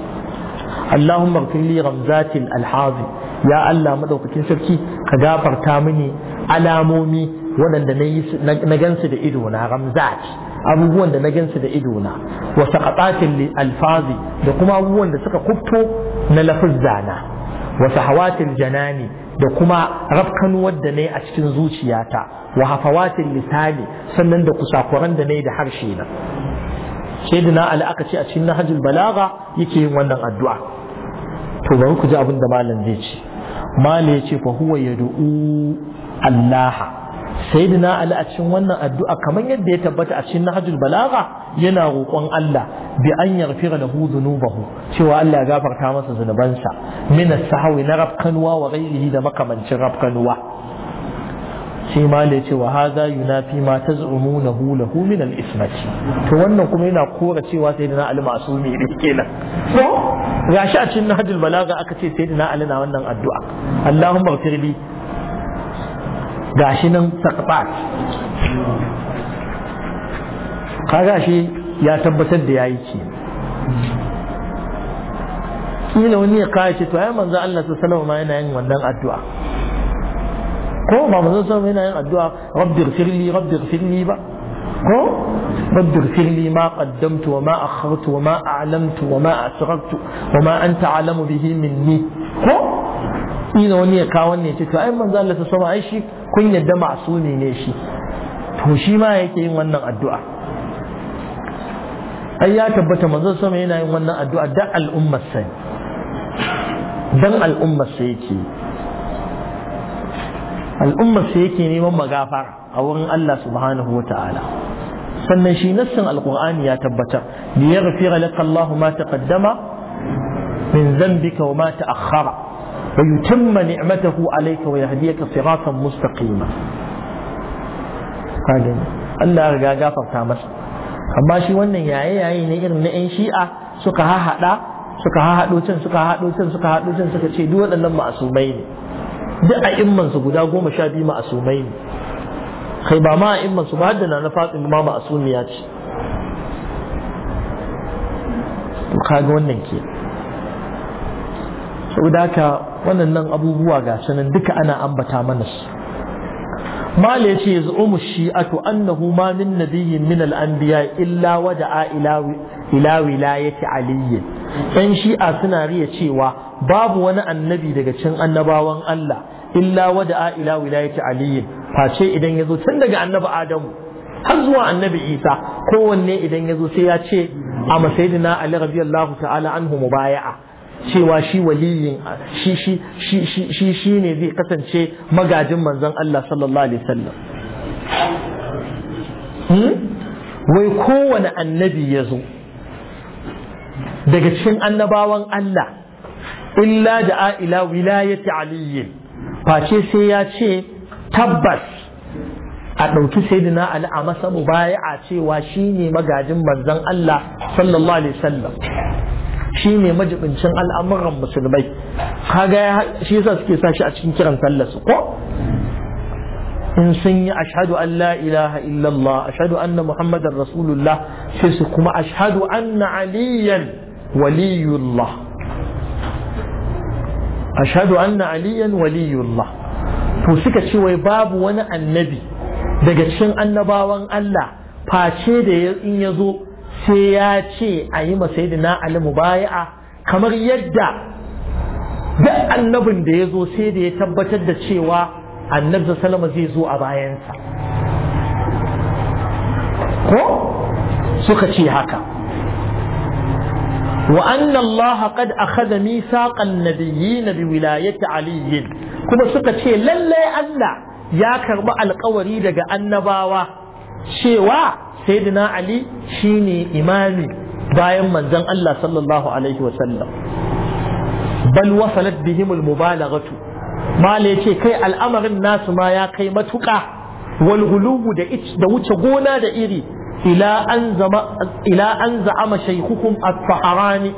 Allahumma ighfir li ramzatil alhazi ya Allah maɗaukacin sarki ka gafarta mini alamomi waɗanda na gansu da ido na ramzat abubuwan da na gansu da ido na wa saqatatil alfazi da kuma abubuwan da suka kufto na lafuzza na wa sahawatil janani da kuma rafkanuwar da nayi a cikin zuciyata wa hafawatil lisani sannan da kusakuran da nayi da harshe na sayyidina ali aka ce a cikin nahjul balaga yake yin wannan addu'a to bari ku ji abin da malam zai ce malam ya ce fa huwa yad'u allaha sayyidina ali a cikin wannan addu'a kamar yadda ya tabbata a cikin nahjul balagha yana roƙon Allah bi an yaghfira lahu dhunubahu cewa Allah ya gafarta masa zunubansa min as-sahwi na rafkanwa wa ghairihi da makamancin rafkanwa sai ma da ce wa haza yunafi ma taz'umunahu lahu min al-ismati to wannan kuma yana kora cewa sayyidina ali masumi ne kenan so gashi a cikin nahjul balagha aka ce sayyidina ali na wannan addu'a Allahumma ighfirli Ga shi nan sakbat kaga shi ya tabbatar da yayi ke Ina wani ya kawo ce to ai manzo Allah sallallahu ma yana yin wannan addu'a ko ba manzo sallallahu yana yin addu'a rabbir ighfirli rabbir ighfirli ba ko rabbir ighfirli ma qaddamtu wa ma akhartu wa ma a'lamtu wa ma asrartu wa ma anta alamu bihi minni ko ina wani ya kawo ne ce to ai manzo Allah ta sama ai shi kun yadda masumi ne shi to shi ma yake yin wannan addu'a ai ya tabbata manzo sama yana yin wannan addu'a dan al'ummar sai dan al'ummar sai yake al'ummar sai yake neman magafara a wurin Allah subhanahu wataala sannan shi nassin alqur'ani ya tabbatar li yaghfira laka Allahu ma taqaddama min dhanbika wa ma ta'akhkhara ويتم نعمته عليك ويهديك صراطا مستقيما قال الله رجع جافر تامس amma shi wannan yaye yaye ne irin na 'yan shi'a suka hahaɗa suka hahaɗo can suka hahaɗo can suka hahaɗo can suka ce duk waɗannan ma'asumai ne duk a immansu guda goma sha biyu ma'asumai ne kai ba ma a immansu ba da na fatima ma ma'asumiya ce to kaga wannan ke saboda haka waɗannan abubuwa ga sanin duka ana ambata mana su mala yace yaz'umu shi'atu annahu ma min nabiyyin min al-anbiya illa wada ila ila wilayati ali dan shi'a suna riya cewa babu wani annabi daga cikin annabawan Allah illa wada ila wilayati ali face idan yazo tun daga annabi adamu har zuwa annabi isa kowanne idan yazo sai ya ce a masayidina ali radiyallahu ta'ala anhu mubaya'a cewa shi waliyin shi shi shi shi shi ne zai kasance magajin manzon Allah sallallahu alaihi wasallam hmm? wai kowane annabi ya zo daga cikin annabawan Allah illa da ila wilayati aliyin face sai ya ce tabbas a ɗauki sayyidina ali a masa mubaya'a cewa shine magajin manzon Allah sallallahu alaihi wasallam shi ne majibincin al'amuran musulmai kaga shi yasa suke sa shi a cikin kiran sallar su ko in sun yi ashadu an la ilaha illallah ashadu anna muhammadar rasulullah sai su kuma ashadu anna aliyan waliyullah ashadu anna aliyan waliyullah to suka ce wai babu wani annabi daga cikin annabawan Allah face da in ya zo sai ya ce a yi masayidina Ali mubaya'a kamar yadda duk annabin da ya zo sai da ya tabbatar da cewa annabi salama zai zo a bayansa ko suka ce haka wa anna Allah qad akhadha mithaqan nabiyyin bi wilayati Ali kuma suka ce lallai Allah ya karbi alkawari daga annabawa cewa sayyidina ali shine imami bayan manzon Allah sallallahu alaihi wa sallam bal wasalat bihim al mubalaghatu yace kai al'amarin nasu ma ya kai matuka wal hulubu da da wuce gona da iri ila an zama ila an za'ama shaykhukum har wani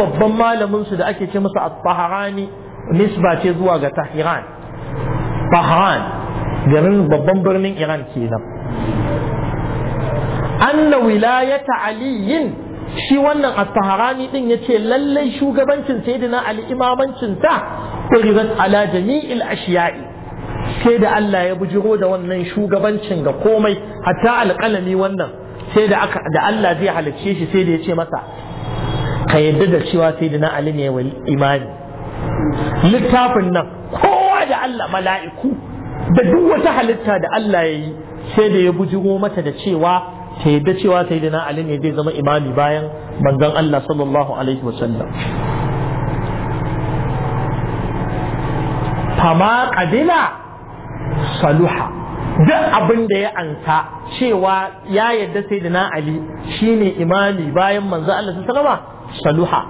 babban malamin su da ake ce masa a taharani nisba ce zuwa ga tahiran taharan garin babban birnin iran kenan anna wilayata aliyin shi wannan as-saharani din yace lallai shugabancin sayyidina ali imamancin ta quribat ala jami'il ashiya'i sai da Allah ya bujiro da wannan shugabancin ga komai hatta alƙalami wannan sai da aka da Allah zai halicce shi sai da ya ce masa ka yadda da cewa sayyidina ali ne wal imani littafin nan kowa da Allah mala'iku da duk wata halitta da Allah ya yi sai da ya bujiro mata da cewa ta yadda cewa sayyidina ali ne zai zama imami bayan manzon Allah sallallahu alaihi wasallam fama kadila saluha duk abin da ya anta cewa ya yadda sayyidina ali shine imami bayan manzon Allah sallallahu alaihi saluha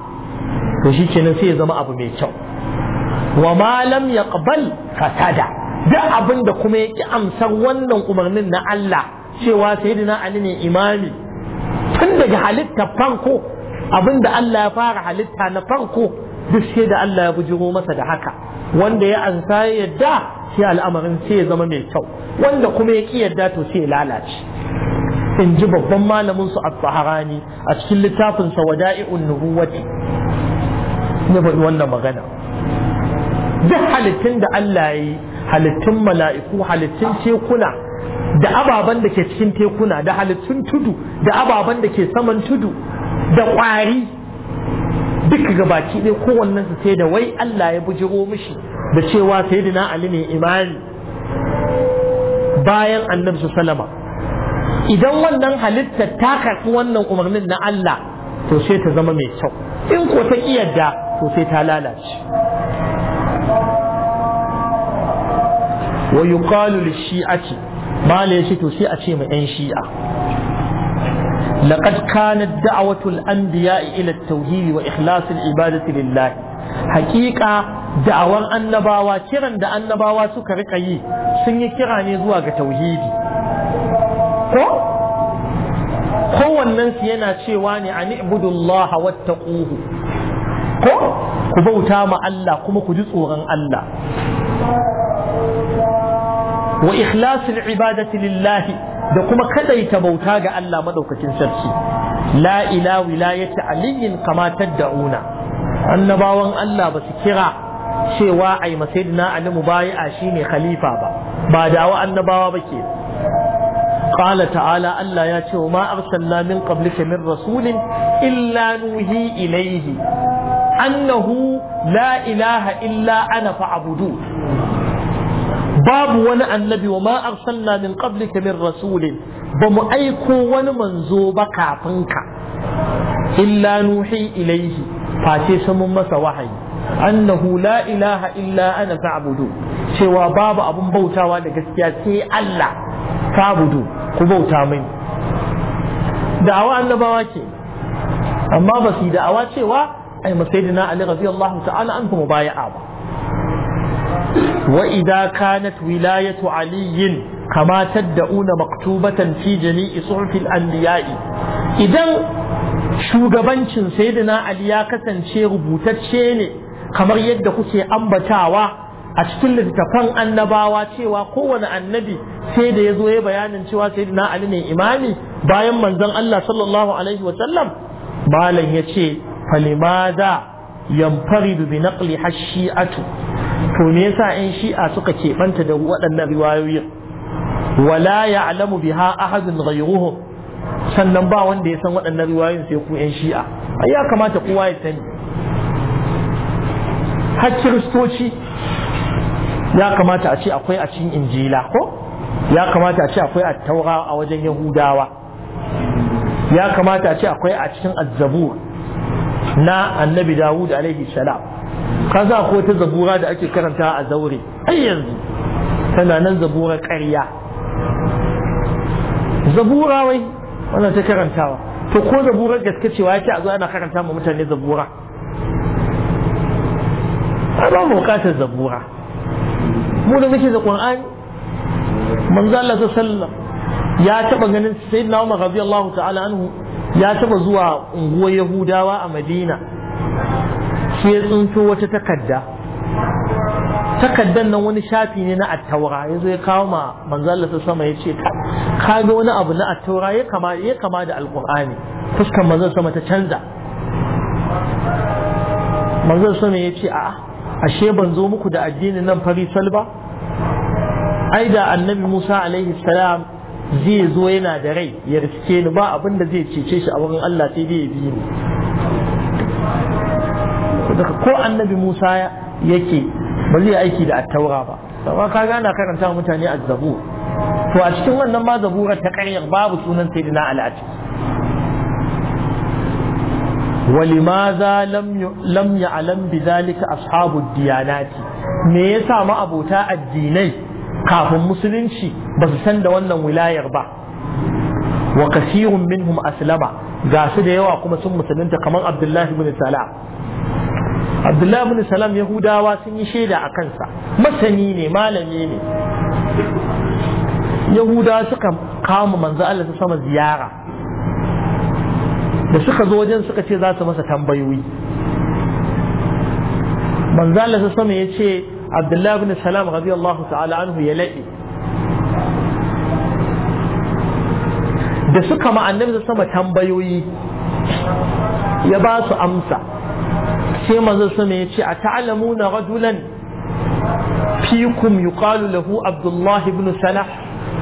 to kenan sai ya zama abu mai kyau wa ma lam yaqbal fasada duk abin da kuma ya ki amsar wannan umarnin na Allah cewa sayyidina ali ne imami tun daga halitta abin abinda Allah ya fara halitta na farko duk sai da Allah ya bujiro masa da haka wanda ya ansa ya yadda sai al'amarin sai ya zama mai kyau wanda kuma ya ki yadda to sai ya lalace in ji babban malamin su at-taharani a cikin littafin sa wada'i'un nubuwati ne faɗi wannan magana duk halittun da Allah ya yi halittun mala'iku halittun tekuna da ababen da ke cikin tekuna da halittun tudu da ababen da ke saman tudu da ƙwari duka gabaki ɗaya kowannen su sai da wai Allah ya bujiro mishi da cewa sayyidina Ali ne imani bayan annabi salama. idan wannan halittar ta karɓi wannan umarnin na Allah to sai ta zama mai kyau in ko ta kiyarda to sai ta lalace wa yuqalu lish ya ce to sai a ce ma yan shi'a laqad kanat da'watu al-anbiya ila at-tauhid wa ikhlas al-ibadati lillah haqiqa da'awan annabawa kiran da annabawa suka rika yi sun yi kira ne zuwa ga tauhidi ko kowannensu yana cewa ne a ni'budullah wattaquhu ko ku bauta ma Allah kuma ku ji tsoron Allah wa ikhlasul ibadati lillahi da kuma kadaita bauta ga Allah madaukakin sarki la ila wilayati aliyin kama tad'una annabawan Allah ba su kira cewa ai masaidina ali mubayi'a shine khalifa ba ba dawa annabawa ba ke قال تعالى ألا ياتي وما أرسلنا من قبلك من رسول إلا نوهي إليه أنه لا إله إلا أنا فاعبدوه babu wani annabi wa ma arsalna min qablika min rasulin ba mu aiko wani manzo ba kafin ka illa nuhi ilaihi face mun masa wahayi annahu la ilaha illa ana fa'budu cewa babu abun bautawa da gaskiya sai Allah fa'budu ku bauta min da'awa annabawa ke amma ba su da'awa cewa ai masaidina ali radiyallahu ta'ala an mu baya'a ba وإذا كانت ولاية علي كما تدعون مكتوبة في جميع صحف الأنبياء إذا shugabancin saidina Ali ya kasance rubutacce ne kamar yadda kuke ambatawa a cikin littattafan annabawa cewa kowane annabi sai da ya zo ya bayanin cewa sayyidina Ali ne imami bayan manzon Allah sallallahu alaihi wa sallam malam yace falimada yanfaridu bi naqli hashi'atu. to me yasa in shi'a suka keɓanta da waɗannan riwayoyin wala ya'lamu biha ahadun ghayruhum sannan ba wanda ya san waɗannan riwayoyin sai ku yan shi'a ai ya kamata kowa ya sani har kiristoci ya kamata a ce akwai a cikin injila ko ya kamata a ce akwai a taura a wajen yahudawa ya kamata a ce akwai a cikin azzabur na annabi dawud alaihi salam kaza ko ta zabura da ake karanta a zaure har yanzu tana nan zabura ƙarya zabura wai wannan ta karantawa to ko zaburar gaske cewa yake a zo ana karanta mu mutane zabura ba mu bukatar zabura mu da muke da qur'ani manzo Allah sallallahu ya taba ganin sayyidina Umar radiyallahu ta'ala anhu ya taba zuwa unguwar Yahudawa a Madina sai ya tsinto wata takadda, takaddan nan wani shafi ne na attaura ya zo ya kawo ma manzala ta sama ya ce ka wani abu na attaura ya kama ya kama da alkur'ani fuskan manzon sama ta canza manzon sama ya ce a'a ashe ban zo muku da addinin nan fari salba ai da annabi Musa alaihi salam zai zo yana da rai ya riske ni ba abin da zai cece shi a wurin Allah sai dai ya bi ni saboda ko annabi Musa yake ba zai aiki da attaura ba amma ka gana karanta mutane azzabu to a cikin wannan ma zabura ta ƙaryar babu sunan sayyidina Ali a ciki ولماذا لم لم يعلم بذلك اصحاب الديانات me yasa ma abota addinai kafin musulunci ba su san da wannan wilayar ba wa kasirun minhum aslama ga su da yawa kuma sun musulunta kamar abdullahi ibn sala abdullahi bin salam yahudawa sun yi shaida a kansa masani ne malami ne yahudawa suka kama manzo Allah su sama ziyara da suka zo wajen suka ce za su masa tambayoyi manzo Allah su sama ya ce abdullahi bin salam radiyallahu ta'ala anhu ya laɗe da suka ma annabi sama tambayoyi ya ba su amsa sai manzo sama ya ce a ta'lamuna rajulan fikum yuqalu lahu abdullahi ibn salah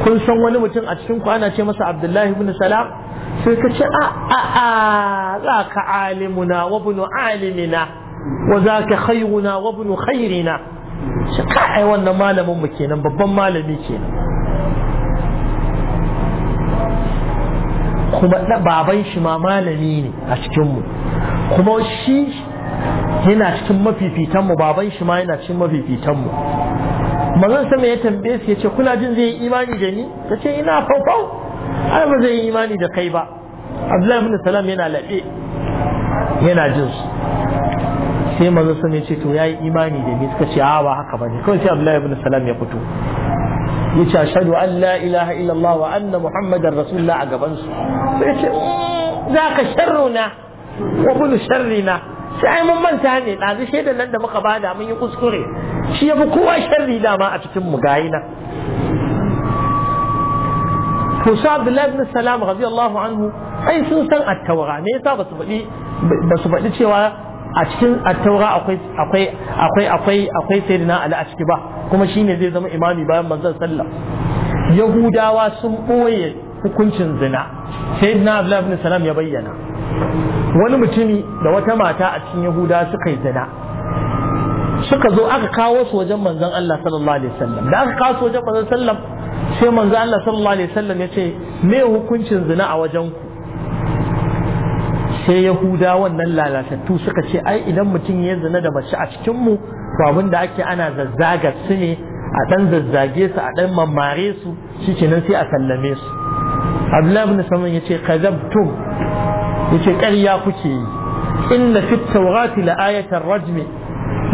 kun san wani mutum a cikin ku ana ce masa abdullahi ibn salah sai ka ce a a a za ka alimuna wa ibn alimina wa za ka khayruna wa ibn khayrina shi kai wannan malamin mu kenan babban malami kenan kuma baban shi ma malami ne a cikin mu kuma shi yana cikin mafifitan mu baban shi ma yana cikin mafifitan mu manzon sama ya tambaye su yace kuna jin zai yi imani da ni ce ina faufau ai ba zai yi imani da kai ba Abdullahi ibn Salam yana laɓe. yana jin su sai manzon sama yace to yayi imani da ni suka ce a ba haka bane kawai sai Abdullahi ibn Salam ya fito yace ashhadu an la ilaha illallah wa anna muhammadar rasulullah a gaban su sai yace mm, zaka sharruna wa bunu sharrina sai ai mun manta ne ɗazu shaidan nan da muka bada mun yi kuskure shi ya fi kowa sharri dama a cikin mu gayi nan to Abdullahi bin Salam radiyallahu anhu ai sun san at-tawra me yasa ba su faɗi ba su faɗi cewa a cikin at akwai akwai akwai akwai akwai sayyidina Ali a ciki ba kuma shine zai zama imami bayan manzon sallam Yahudawa sun boye hukuncin zina sayyidina Abdullahi bin Salam ya bayyana wani mutumi da wata mata a cikin yahuda suka yi zina suka zo aka kawo su wajen manzon Allah sallallahu alaihi wasallam da aka kawo su wajen manzon sallam sai manzon Allah sallallahu alaihi wasallam ya ce me hukuncin zina a wajen ku sai yahuda wannan lalatattu suka ce ai idan mutum ya zina da mace a cikin mu to abin da ake ana zazzaga su ne a dan zazzage su a dan mamare su shikenan sai a sallame su Abdullahi ibn Saman yace kazabtum yace ƙarya kuke yi na fi tawrati la ayatan rajmi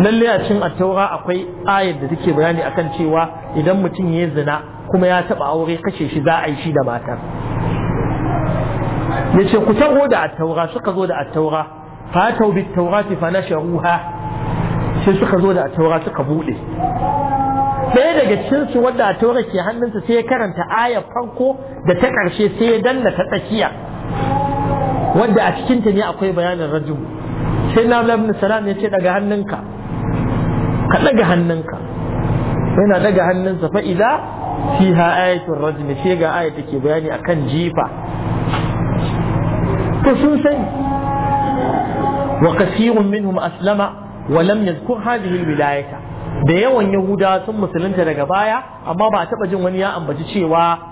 lalle a cikin attaura akwai ayar da take bayani akan cewa idan mutum ya zina kuma ya taba aure kashe shi za a yi shi da matar yace ku taho da attaura suka zo da at-taura fatau bit tawrati fanasharuha sai suka zo da attaura suka bude ɗaya daga cikin su wanda attaura taura ke hannunsa sai ya karanta ayar farko da ta ƙarshe sai ya danna ta tsakiya wadda a cikinta ne akwai bayanin rajul sai na ibn salam ya ce daga hannunka ka daga hannunka yana daga hannunsa fa idza fiha ayatul sai ga ayat take bayani akan jifa to sun sani wa kasirun minhum aslama wa lam yadhkur hadhihi alwilayata da yawan yahudawa sun musulunta daga baya amma ba a taba jin wani ya ambaci cewa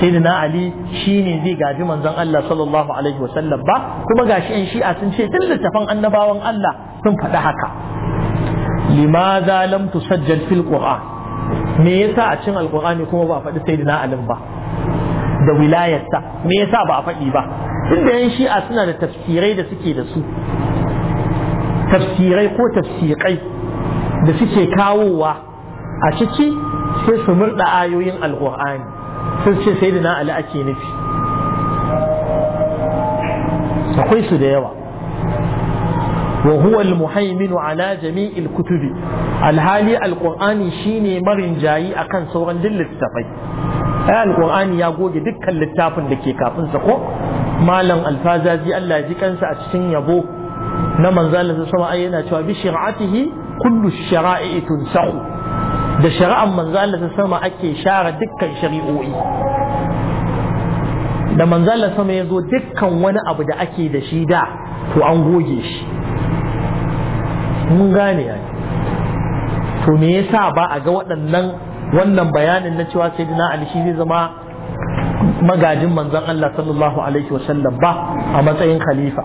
sayyidina ali shi ne zai gaji manzon Allah sallallahu alaihi wasallam ba kuma gashi yan shi'a sun ce tun littafan annabawan Allah sun faɗi haka limaza lam tusajjad fil qur'an me yasa a cin alqur'ani kuma ba a faɗi sayyidina ali ba da wilayarsa me yasa ba a faɗi ba inda yan shi'a suna da tafsirai da suke da su tafsirai ko tafsirai da suke kawowa a ciki sai su murɗa ayoyin alqur'ani sun ce sai da na ali ake nufi akwai su da yawa wa huwa al-muhaiminu ala jami'il kutubi alhali alqur'ani shine marin jayi akan sauran duk littafai ai alqur'ani ya goge dukkan littafin da ke kafin sa ko malam alfazaji Allah ji kansa a cikin yabo na manzo Allah sama ai yana cewa bi shir'atihi kullu shara'i tunsahu da shari'ar manzo Allah ta sama ake share dukkan shari'o'i da manzo Allah sama ya zo dukkan wani abu da ake da shi da to an goge shi mun gane ya to me yasa ba a ga waɗannan wannan bayanin na cewa sai dina Ali shi zai zama magajin manzon Allah sallallahu alaihi sallam ba a matsayin khalifa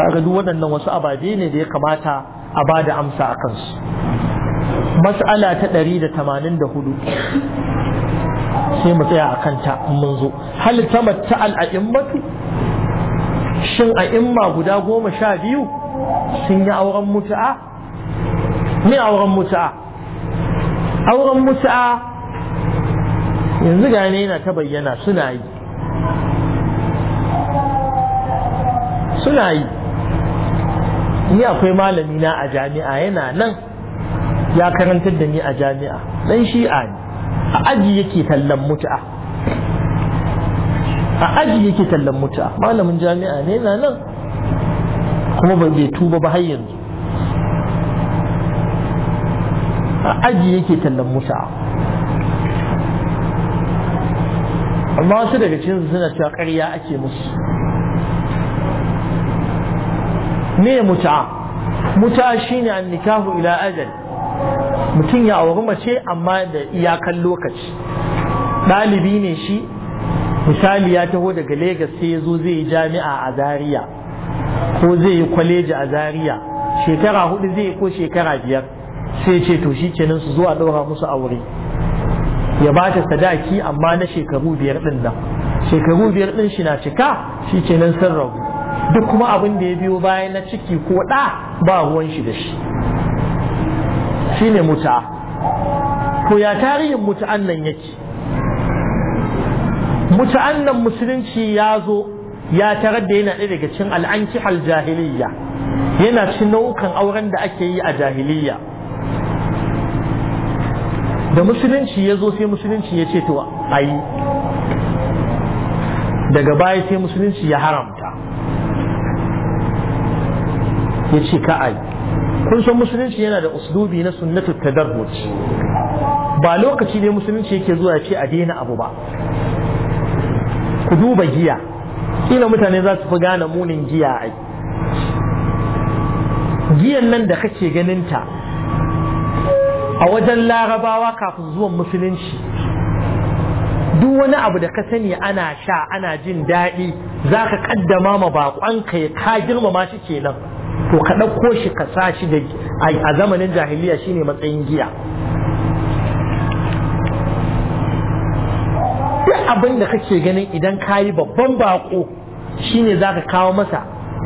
kaga duk waɗannan wasu ababe ne da ya kamata a ba da amsa a kansu mas'ala ta 184 sai mu tsaya a kanta mun zo hal tamatta al a'immatu shin a'imma guda goma sha biyu sun yi auren mutu'a ne auren mutu'a auren mutu'a yanzu gane yana ta bayyana suna yi suna yi ni akwai malami na a jami'a yana nan ya karantar da ni a jami'a dan shi'a ne a aji yake tallan mutu'a a aji yake tallan mutu'a malamin jami'a ne na nan kuma bai tuba ba har yanzu a aji yake tallan mutu'a amma su daga cikin suna cewa ƙarya ake musu me mutu'a mutu'a shine an nikahu ila ajal mutum ya auri mace amma da iyakan lokaci ɗalibi ne shi misali ya taho daga Legas sai ya zo zai yi jami'a a Zariya, ko zai yi kwaleji a Zariya. shekara hudu zai yi ko shekara biyar sai ce to shi kenan su zo a ɗaura musu aure ya ba ta sadaki amma na shekaru biyar ɗin nan shekaru biyar ɗin shi na cika shi kenan sun rabu duk kuma abin da ya biyo bayan na ciki ko ɗa ba ruwan shi da shi shine muta to ya tarihin muta'an nan yake muta'an nan musulunci ya zo ya tarar da yana ɗaya daga cikin hal jahiliya yana cin nau'ukan auren da ake yi a jahiliya da musulunci ya zo sai musulunci ya ce to ayi daga baya sai musulunci ya haramta ya ce ka kun san musulunci yana da uslubi na sunnatu tadarruj ba lokaci ne musulunci yake zuwa ya ce a daina abu ba ku duba giya ina mutane za su fi gane munin giya ai giyan nan da kake ganin ta a wajen larabawa kafin zuwan musulunci duk wani abu da ka sani ana sha ana jin daɗi za ka kaddama ma baƙonka ya ka girmama shi kenan to ka ɗauko shi ka sa shi da a zamanin jahiliya shine matsayin giya duk abin da kake ganin idan ka babban bako shine zaka kawo masa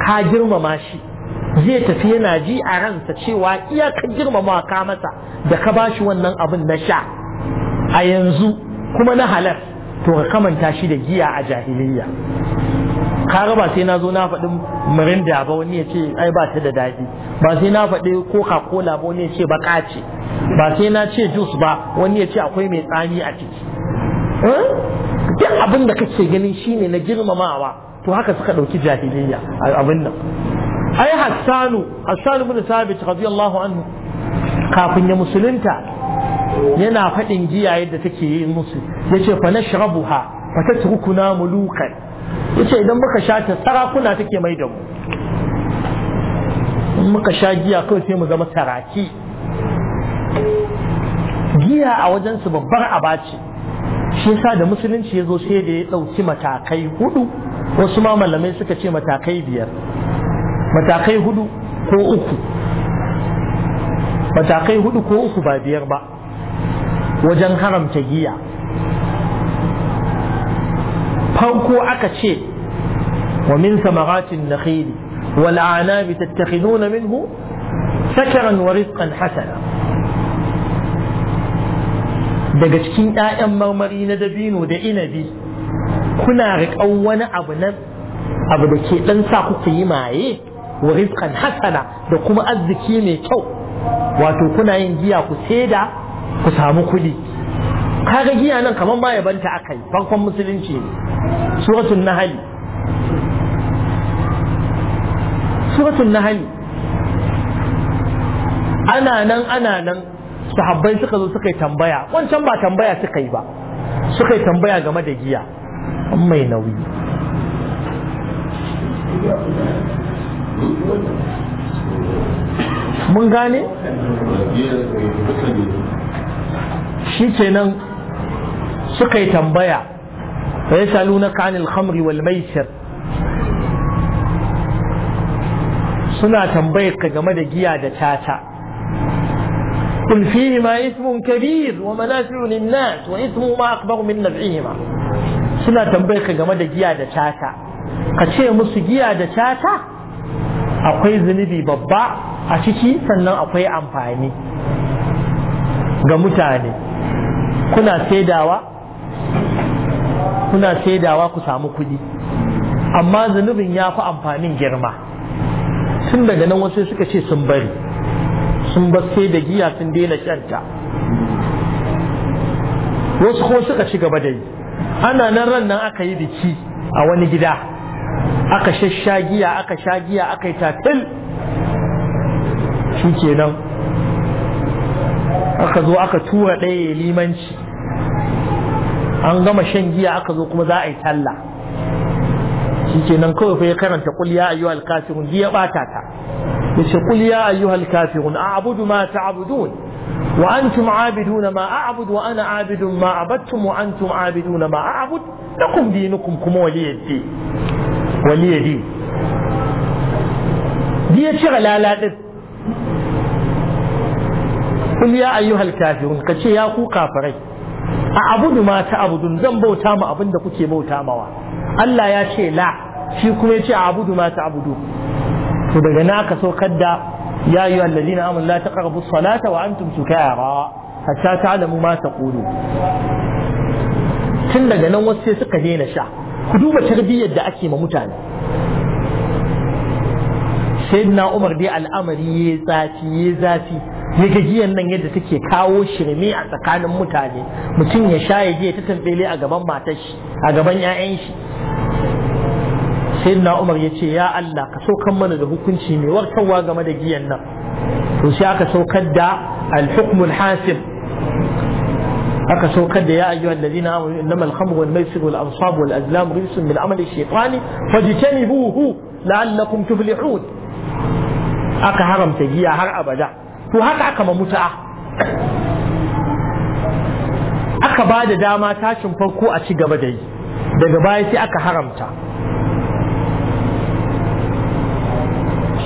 ka girmama shi zai tafi yana ji a ransa cewa iya ka girmama ka masa da ka ba shi wannan abin na sha a yanzu kuma na halar to ka kamanta shi da giya a jahiliya kaga ba sai na zo na faɗi mirinda ba wani ya ce ai ba ta da daɗi ba sai na faɗi coca cola ba wani ya ce baka ce ba sai na ce juice ba wani ya ce akwai mai tsami a ciki eh? duk abin da kake ganin shine na girmamawa to haka suka ɗauki a abin nan ai hassanu hassanu bin sabit radiyallahu anhu kafin ya musulunta yana faɗin giya yadda take yi musu yace fa nashrabuha fa tatrukuna mulukan yace idan muka sha ta sarakuna take mai da mu in muka sha giya kawai sai mu zama saraki giya a wajen su babbar abaci shi yasa da musulunci ya zo sai da ya ɗauki matakai hudu wasu ma malamai suka ce matakai biyar matakai hudu ko uku matakai hudu ko uku ba biyar ba wajen haramta giya farko aka ce wa min samaratin nakhil wal anabi tattakhiduna minhu sakaran wa rizqan hasana daga cikin 'ya'yan marmari na dabino da inabi kuna riƙan wani abu nan? abu da ke ɗan sa kuka yi maye wa rizqan hasana da kuma arziki mai kyau wato kuna yin giya ku saida ku samu kuɗi kaga giya nan kamar ma yabanta aka yi farkon musulunci ne suratul nahl suratul nahl ana nan ana nan sahabbai suka zo suka yi tambaya wancan ba tambaya suka yi ba suka yi tambaya game da giya an mai nauyi mun gane? shi kenan suka yi tambaya ويسألونك عن الخمر والميسر suna tambayar ka game da giya da tata قل فيهما اسم كبير ومنافع للناس واسمهما اكبر من نفعهما suna tambayar ka game da giya da cata ka ce musu giya da cata akwai zunubi babba a ciki sannan akwai amfani ga mutane kuna saidawa kuna saidawa ku samu kuɗi amma zunubin ya fi amfanin girma tun daga nan wasu suka ce sun bari sun bar sai da giya sun daina kyanta wasu ko suka ci gaba da yi ana nan ran nan aka yi biki a wani gida aka shasha giya aka sha giya aka yi tatil shi kenan aka zo aka tura ɗaya limanci an gama shan giya aka zo kuma za a yi talla. Shi sallah nan kawai fa ya karanta qul ya ayyuhal kafirun giya bata ta yace qul ya ayyuhal kafirun a'budu ma ta'budun wa antum a'biduna ma a'budu wa ana a'bidun ma abattum wa antum abidun ma a'bud lakum dinukum kuma waliyadi waliyadi giya cire laladin qul ya ayyuhal kafirun kace ya ku kafirai a abudu ma ta abudun zan bauta ma abin da kuke bauta mawa Allah ya ce la shi kuma ya ce a abudu ma ta abudu to daga na ka saukar da ya yi wallazi na amin la ta karbu salata wa antum su kayara hatta ta alamu ma ta kudu tun daga nan wasu sai suka daina sha ku duba tarbiyyar da ake ma mutane na umar dai al'amari ya zafi ya zafi giyan nan yadda take kawo shirme a tsakanin mutane mutum ya sha ya ta tambele a gaban matar shi a gaban 'ya'yan shi sayyidina umar ya ce ya Allah ka saukan mana da hukunci mai warkarwa game da giyan nan to sai aka saukar da al-hukmul hasib aka saukar da ya ayyuhal ladina amanu innama al-khamru wal maisir wal ansab wal azlam rijsun min amali shaytani fajtanibuhu la'allakum tuflihun aka haramta giya har abada to haka aka ma mutu'a aka ba da dama tashin farko a ci gaba da yi daga baya sai aka haramta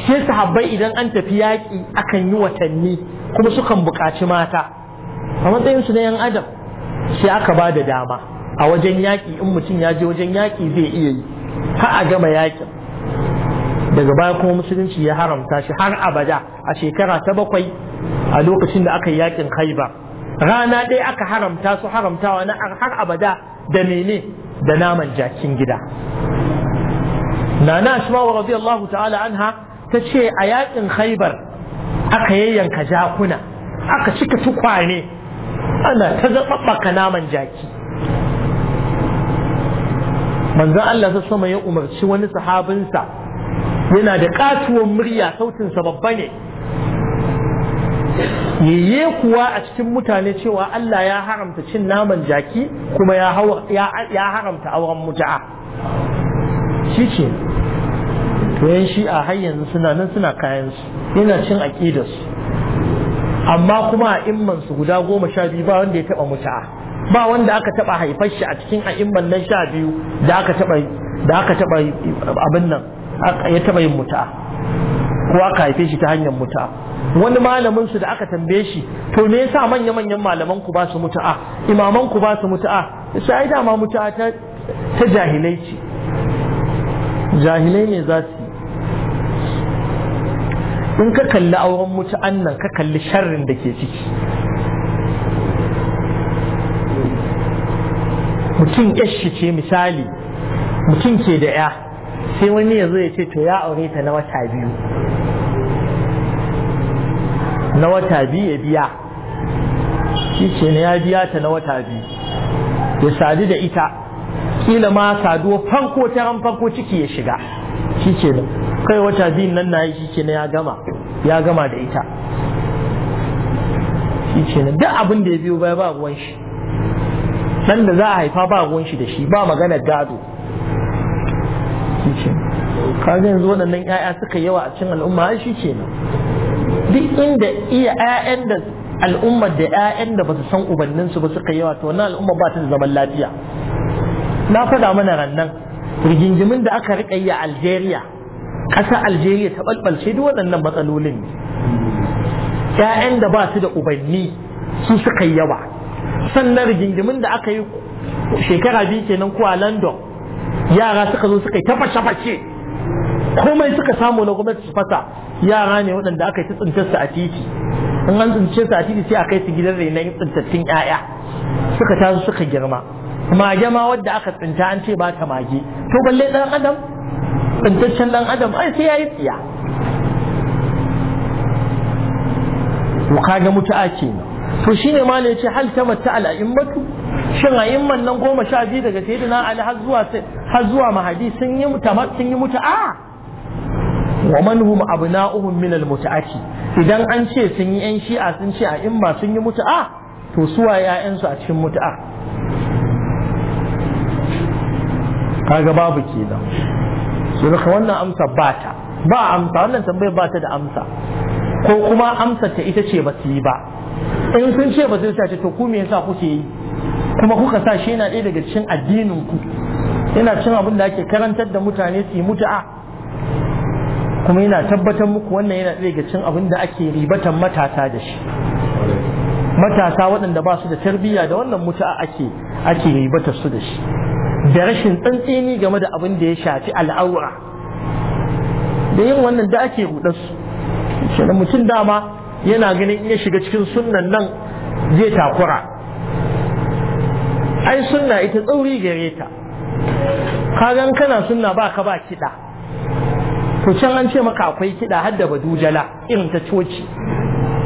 sai sahabbai idan an tafi yaƙi akan yi watanni kuma sukan buƙaci mata a matsayinsu na 'yan adam sai aka ba da dama a wajen yaƙi in mutum ya je wajen yaƙi zai iya yi har a gama yaƙin daga baya kuma musulunci ya haramta shi har abada a shekara ta bakwai a lokacin da aka yi yakin haiba rana ɗaya aka haramta su haramtawa na har abada da mene da naman jakin gida nana asma'u radiyallahu ta'ala anha ta ce a yakin haibar aka yayyanka jakuna aka cika tukwane ana ta zaɓaɓɓaka naman jaki manzon Allah ta sama ya umarci wani sahabinsa yana da katuwar murya sautinsa babba ne yayye kuwa a cikin mutane cewa Allah ya haramta cin naman jaki kuma ya haramta auren mutu'a shi ce yayin shi har yanzu suna nan suna su yana cin aƙidarsu amma kuma a imman su guda goma sha biyu ba wanda ya taɓa mutu'a ba wanda aka taɓa haifar shi a cikin a'imman nan sha biyu da aka taɓa abin nan ya taba yin mutu'a ko aka haife shi ta hanyar mutu'a wani malamin su da aka tambaye shi to me yasa manya-manyan malaman ku ba su mutu'a imaman ku ba su mutu'a sai dama mutu'a ta ta jahilai ce jahilai ne za su in ka kalli auren mutu'an nan ka kalli sharrin da ke ciki mutum yashi ce misali mutum ke da ya sai wani ya zo ya ce to ya aure ta na wata biyu na wata biyu ya biya shi ce na ya biya ta na wata biyu ya sadu da ita kila ma saduwa fanko ta ran fanko ciki ya shiga shi ce kai wata biyu nan na yi shi ce na ya gama ya gama da ita shi ce na duk abin da ya biyo baya ba ruwan shi Nan da za a haifa ba ruwan shi da shi ba maganar gado kaga yanzu waɗannan 'ya'ya suka yawa a cikin al'umma shi kenan duk inda iya 'ya'yan da al'ummar da 'ya'yan da ba su san ubanninsu ba suka yawa to wannan al'umma ba ta da zaman lafiya na faɗa mana rannan rigingimin da aka riƙa yi a Algeria ƙasar Algeria ta ɓalɓalce duk waɗannan matsalolin ‘ya'yan da ba su da ubanni su suka yawa sannan rigingimin da aka yi shekara biyu kenan ko a London yara suka zo suka yi ta fashe-fashe komai suka samu na gwamnati su fasa yara ne waɗanda aka yi ta tsintar su a titi in an tsince su a titi sai a kai su gidan yin tsintattun 'ya'ya suka taso suka girma mage ma wadda aka tsinta an ce ba ta mage to balle ɗan adam tsintaccen ɗan adam ai sai ya yi tsiya to kaga mutu'a ne. to shine ma ne yace hal tamatta al a'immatu shin a'imman nan goma sha biyu daga sayyidina ali har zuwa har zuwa mahadi sun yi mutu'a sun yi wa man hum abna'uhum min almut'ati idan an ce sun yi yan shi'a sun ce a in ba sun yi to suwa ya'yan a cikin kaga babu kenan su ka wannan amsa ba ta ba amsa wannan tambayar ba ta da amsa ko kuma amsa ta ita ce ba su yi ba in sun ce ba su yi to ku me yasa kuke yi kuma kuka sa shi yana ɗaya daga cikin addinin ku yana cin abin da ake karantar da mutane su yi mutu'a kuma yana tabbatar muku wannan yana ɗaya ga cin abin da ake ribatan matasa da shi matasa waɗanda ba su da tarbiyya da wannan mutu'a ake ake ribatar su da shi da rashin tsantsini game da abin da ya shafi al'aura da yin wannan da ake rudar su mutum dama yana ganin in ya shiga cikin sunnan nan zai takura ai sunna ita tsauri gare ta kagan kana sunna ba ka ba kiɗa to can an ce maka akwai kiɗa har da badujala irin ta coci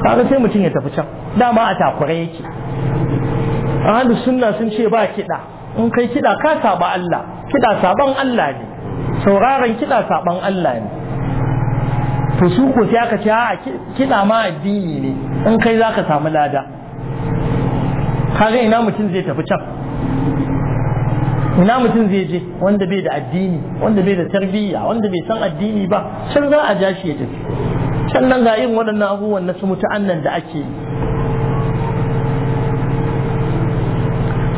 kaga sai mutum ya tafi can dama a takura yake ahlu sunna sun ce ba kiɗa in kai kiɗa ka saba Allah kiɗa saban Allah ne sauraron kiɗa saban Allah ne to su ko sai aka ce a kiɗa ma addini ne in kai zaka samu lada kaga ina mutum zai tafi can ina mutum zai je wanda bai da addini wanda bai da tarbiyya wanda bai san addini ba can za a ja shi ya tafi can nan ga irin waɗannan abubuwan na su nan da ake yi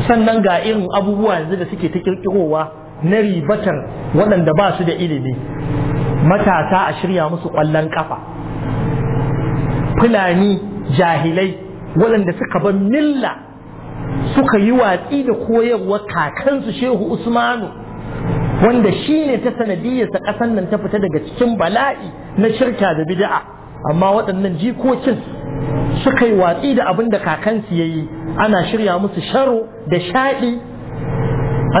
sannan ga irin abubuwa yanzu da suke ta kirkirowa na ribatar waɗanda ba su da ilimi matasa a shirya musu ƙwallon kafa fulani jahilai waɗanda suka bar milla suka yi watsi da koyarwa kakansu shehu usmanu wanda shi ne ta sanadiyarsa ƙasan nan ta fita daga cikin bala'i na shirka da bid'a amma waɗannan jikokin suka yi watsi da abin da kakansu ya yi ana shirya musu sharo da shaɗi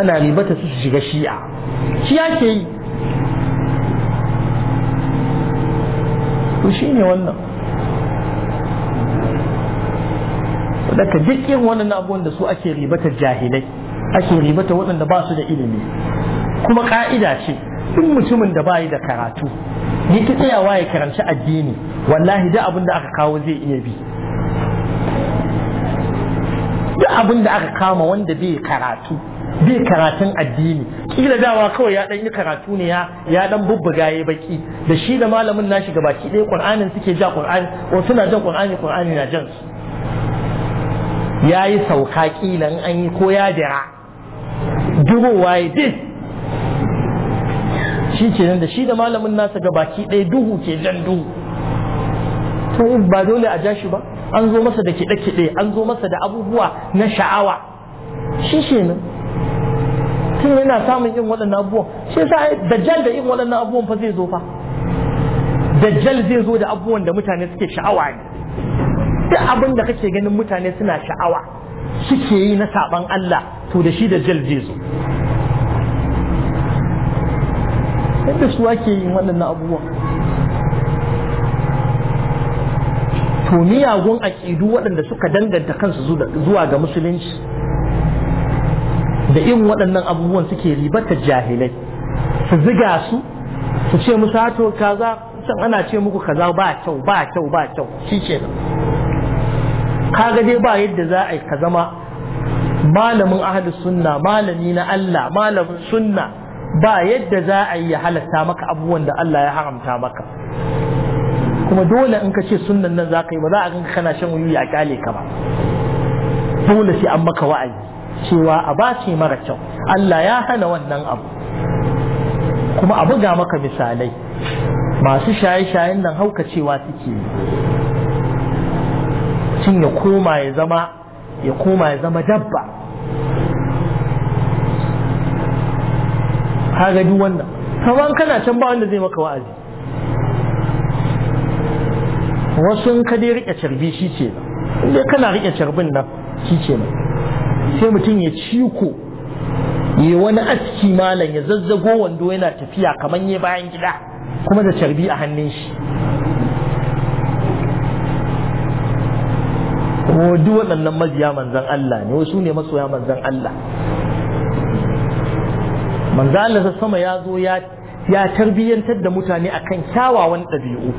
ana ribata su shiga shi'a Shi ya ke yi to shi ne wannan daga duk wani wannan abubuwan da su ake ribata jahilai ake ribata waɗanda ba su da ilimi kuma ƙa'ida ce duk mutumin da bayi da karatu ya ki tsayawa ya karanci addini wallahi duk abin da aka kawo zai iya bi duk abin da aka kama wanda bai karatu bai karatun addini kila dawa kawai ya ɗanyi karatu ne ya ɗan dan bubbuga ya baki da shi da malamin nashi gabaki ɗaya qur'anin suke ja ƙur'ani wasu na jan ƙur'ani ƙur'ani na jan ya yi sauka kila in an yi ko ya jira Dubowa ya din shi ke nan da shi da malamin nasa ga baki ɗaya duhu ke jan duhu ba dole a ja shi ba an zo masa da kiɗe-kiɗe an zo masa da abubuwa na sha'awa shi ke nan tun yana samun yin waɗannan abubuwan shi da dajjal da yin waɗannan abubuwan fa zai zo fa dajjal zai zo da abubuwan da mutane suke sha'awa ne duk abin da kake ganin mutane suna sha'awa suke yi na saban Allah to da shi da jal zai yadda su ake yin waɗannan abubuwan to miyagun aƙidu waɗanda suka danganta kansu zuwa ga musulunci da irin waɗannan abubuwan suke ribata jahilai su ziga su su ce musu hato kaza can ana ce muku kaza ba kyau ba kyau ba kyau shi kenan kaga dai ba yadda za a yi ka zama malamin ahlus sunna malami na Allah malamin sunna ba yadda za a yi ya halatta maka abubuwan da Allah ya haramta maka kuma dole in ka ce sunnan nan za ka yi ba za a ganka kana shan wuyu a kyale ka ba dole sai an maka wa'azi cewa a ba ce mara kyau Allah ya hana wannan abu kuma a buga maka misalai masu shaye-shayen nan haukacewa suke yi mutum ya koma ya zama ya koma ya zama dabba kaga duk wannan kamar kana can ba wanda zai maka wa'azi wasu ka dai rike carbi shi ce inda kana rike carbin nan shi ce nan sai mutum ya ciko yi wani aski malam ya zazzago wando yana tafiya kamar ya bayan gida kuma da carbi a hannun shi ko waɗannan majiya manzan Allah ne wasu ne masoya manzan Allah manzan Allah sama ya zo ya tarbiyyantar da mutane akan kyawawan ɗabi'u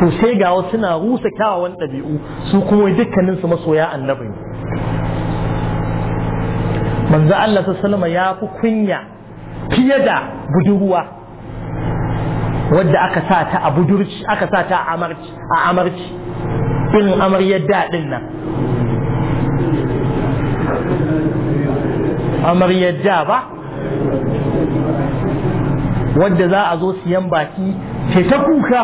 to sai ga wasu na rusa kyawawan ɗabi'u su kuma dukkanin su masoya annabi ne Manzan Allah sallama ya fi kunya fiye da budurwa wadda aka sa a budurci aka sata a amarci bin amaryar daɗin nan amaryar da ba wadda za a zo siyan baki ce ta kuka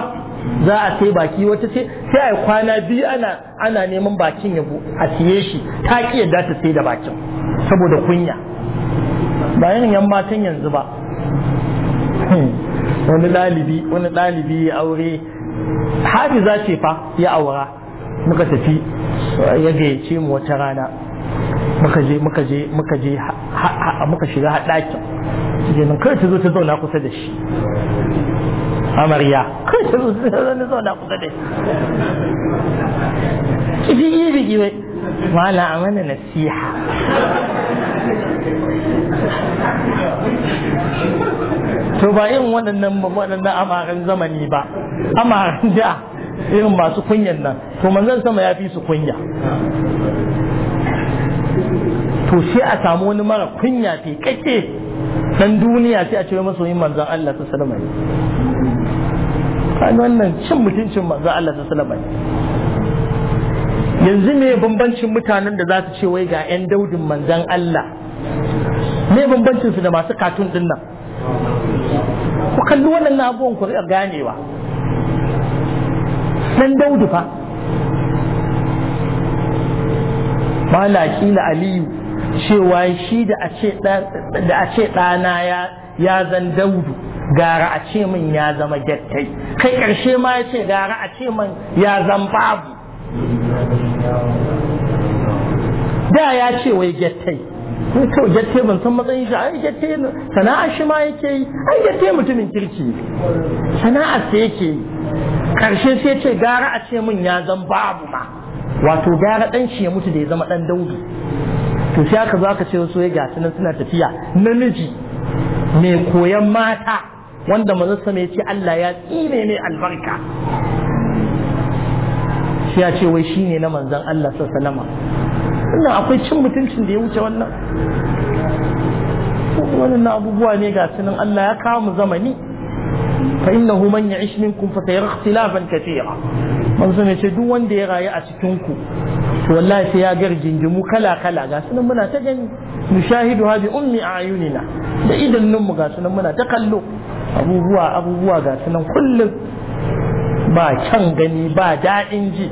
za a sai baki wata ce sai a kwana biyu ana ana neman bakin ya a siye shi ta ki yadda ta sai da bakin saboda kunya bayan yan matan yanzu ba hmm. wani ɗalibi wani ɗalibi ya aure za ce fa ya aura muka tafi ya gayyace mu wata rana muka je muka je muka je muka shiga haɗakin je nan kai ta zo ta zauna kusa da shi amarya kai ta zo ta zauna kusa da shi yi biki wai mala amana nasiha to ba yin waɗannan waɗannan amaran zamani ba amaran da irin masu kunyan nan to manzon sama ya fi su kunya to sai a samu wani mara kunya fi kake dan duniya sai a ce masoyin manzon Allah ta sallama ne kan wannan cin mutuncin manzon Allah ta sallama ne yanzu me bambancin mutanen da za su ce wai ga 'yan daudin manzon Allah me bambancin su da masu katun din nan ku kalli wannan abubuwan ku ganewa ɗan daudu fa mala kila aliyu cewa shi da a ce ɗana ya zan daudu gara a ce min ya zama gyattai kai ƙarshe ma ya ce gara a ce min ya zan babu da ya ce wai gyattai to gyattai ban san matsayin shi ai gyattai sana'a shi ma yake yi ai gyattai mutumin kirki sana'a sai yake karshe sai ce gara a ce min ya zan babu ma wato gara dan shi ya mutu da ya zama dan daudu to sai aka zo aka ce wasu ya gasu nan suna tafiya namiji mai koyan mata wanda manzo sama ya ce Allah ya tsine mai albarka sai ya ce wai shine na manzon Allah sallallahu alaihi akwai cin mutuncin da ya wuce wannan wannan abubuwa ne ga sunan Allah ya kawo mu zamani فإنه من يعيش منكم فسيرى اختلافا كثيرا manzo ce duk wanda ya rayu a cikin ku to wallahi sai ya gar gingimu kala kala ga sunan muna ta gani nushahidu hadi ummi ayunina da idanun mu ga sunan muna ta kallo abubuwa abubuwa ga sunan kullum ba can gani ba daɗin ji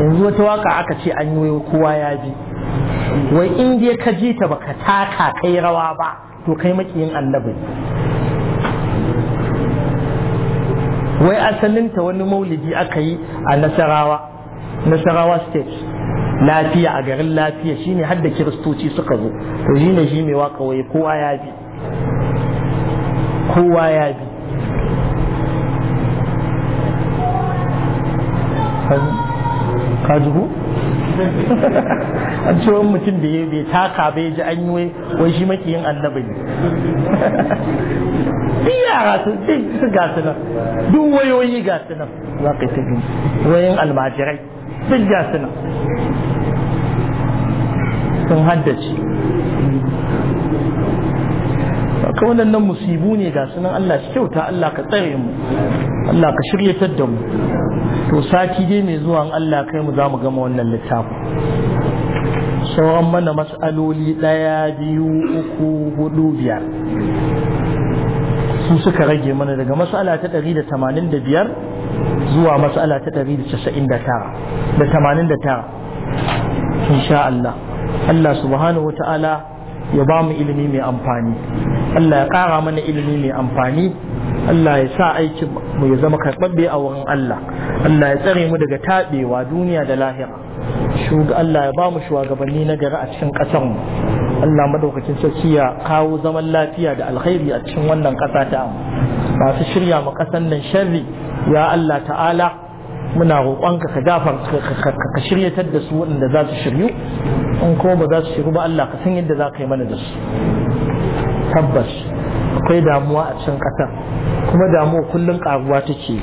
yanzu wata waka aka ce an yi kowa ya bi wai in dai ka ji ta baka taka kai rawa ba to kai makiyin annabi wai asalinta wani maulidi aka yi a nasarawa nasarawa state lafiya a garin lafiya shine hadda kiristoci suka zo to shine shi mai waka wai kowa ya bi kowa ya bi an ce wani mutum da ya bai taka bai ji an yi wai shi makiyin annabi ne duk yara su su gasu nan duk wayoyi gasu nan za ka ta gani wayoyin almajirai duk gasu nan sun haddace duka waɗannan musibu ne ga sunan Allah shi kyauta Allah ka tsare mu Allah ka shiryatar da mu to sati dai mai zuwa Allah kai mu za mu gama wannan littafin sauran mana matsaloli ɗaya biyu uku hudu biyar sun suka rage mana daga matsala ta ɗari da tamanin da biyar zuwa matsala ta ɗari da casa'in da tara da tamanin da tara insha Allah Allah subhanahu wa ta'ala ya ba mu ilimi mai amfani Allah ya ƙara mana ilimi mai amfani Allah ya sa aikin mu ya zama karɓaɓɓe a wurin Allah Allah ya tsare mu daga taɓewa duniya da lahira Allah ya ba mu shugabanni na gari a cikin ƙasar mu Allah madaukakin sarki ya kawo zaman lafiya da alkhairi a cikin wannan ƙasa ta mu masu shirya mu ƙasar nan sharri ya Allah ta'ala muna roƙonka ka gafar ka shiryatar da su waɗanda za su shiryu in ko ba za su shiryu ba Allah ka san yadda za ka yi mana da su tabbas akwai damuwa a cikin ƙasar kuma damuwa kullum ƙaruwa take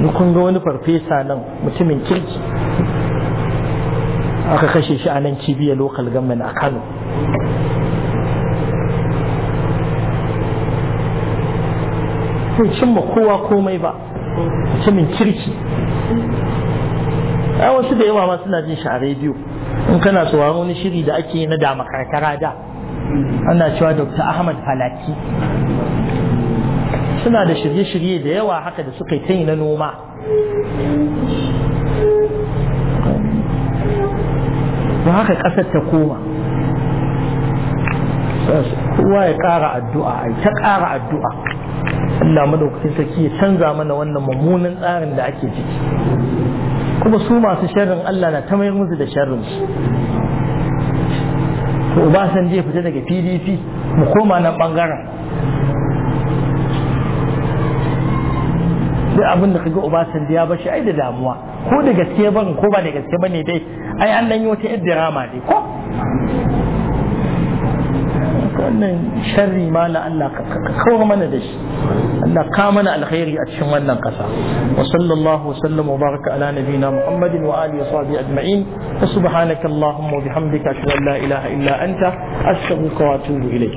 ni kun ga wani farfesa nan mutumin kirki aka kashe shi a nan cibiyar local government a kano cin ma kowa komai ba mutumin kirki ai wasu da yawa ma suna jin shi a rediyo in kana tsawon wani shiri da ake yi na da makarkara da ana cewa dr ahmad Halaki suna da shirye-shirye da yawa haka da suka yi na noma ba haka ƙasar ta koma kowa ya ƙara addu'a ai ta ƙara addu'a Allah madaukakin sarki ya canza mana wannan mummunan tsarin da ake ciki kuma su masu sharrin Allah na ta mayar musu da sharrin su to Obasanjo ya fita daga PDP mu koma nan bangaren duk abin da kaga Obasanjo ya bashi ai da damuwa ko da gaske ban ko ba da gaske bane dai ai an dan yi wata yadda rama dai ko wannan sharri ma na Allah ka kawar mana da shi Allah ka mana alkhairi a cikin wannan kasa wa sallallahu sallam wa baraka ala nabina muhammadin wa alihi wa sahbihi ajma'in subhanaka allahumma wa bihamdika ashhadu an la ilaha illa anta astaghfiruka wa atubu ilayk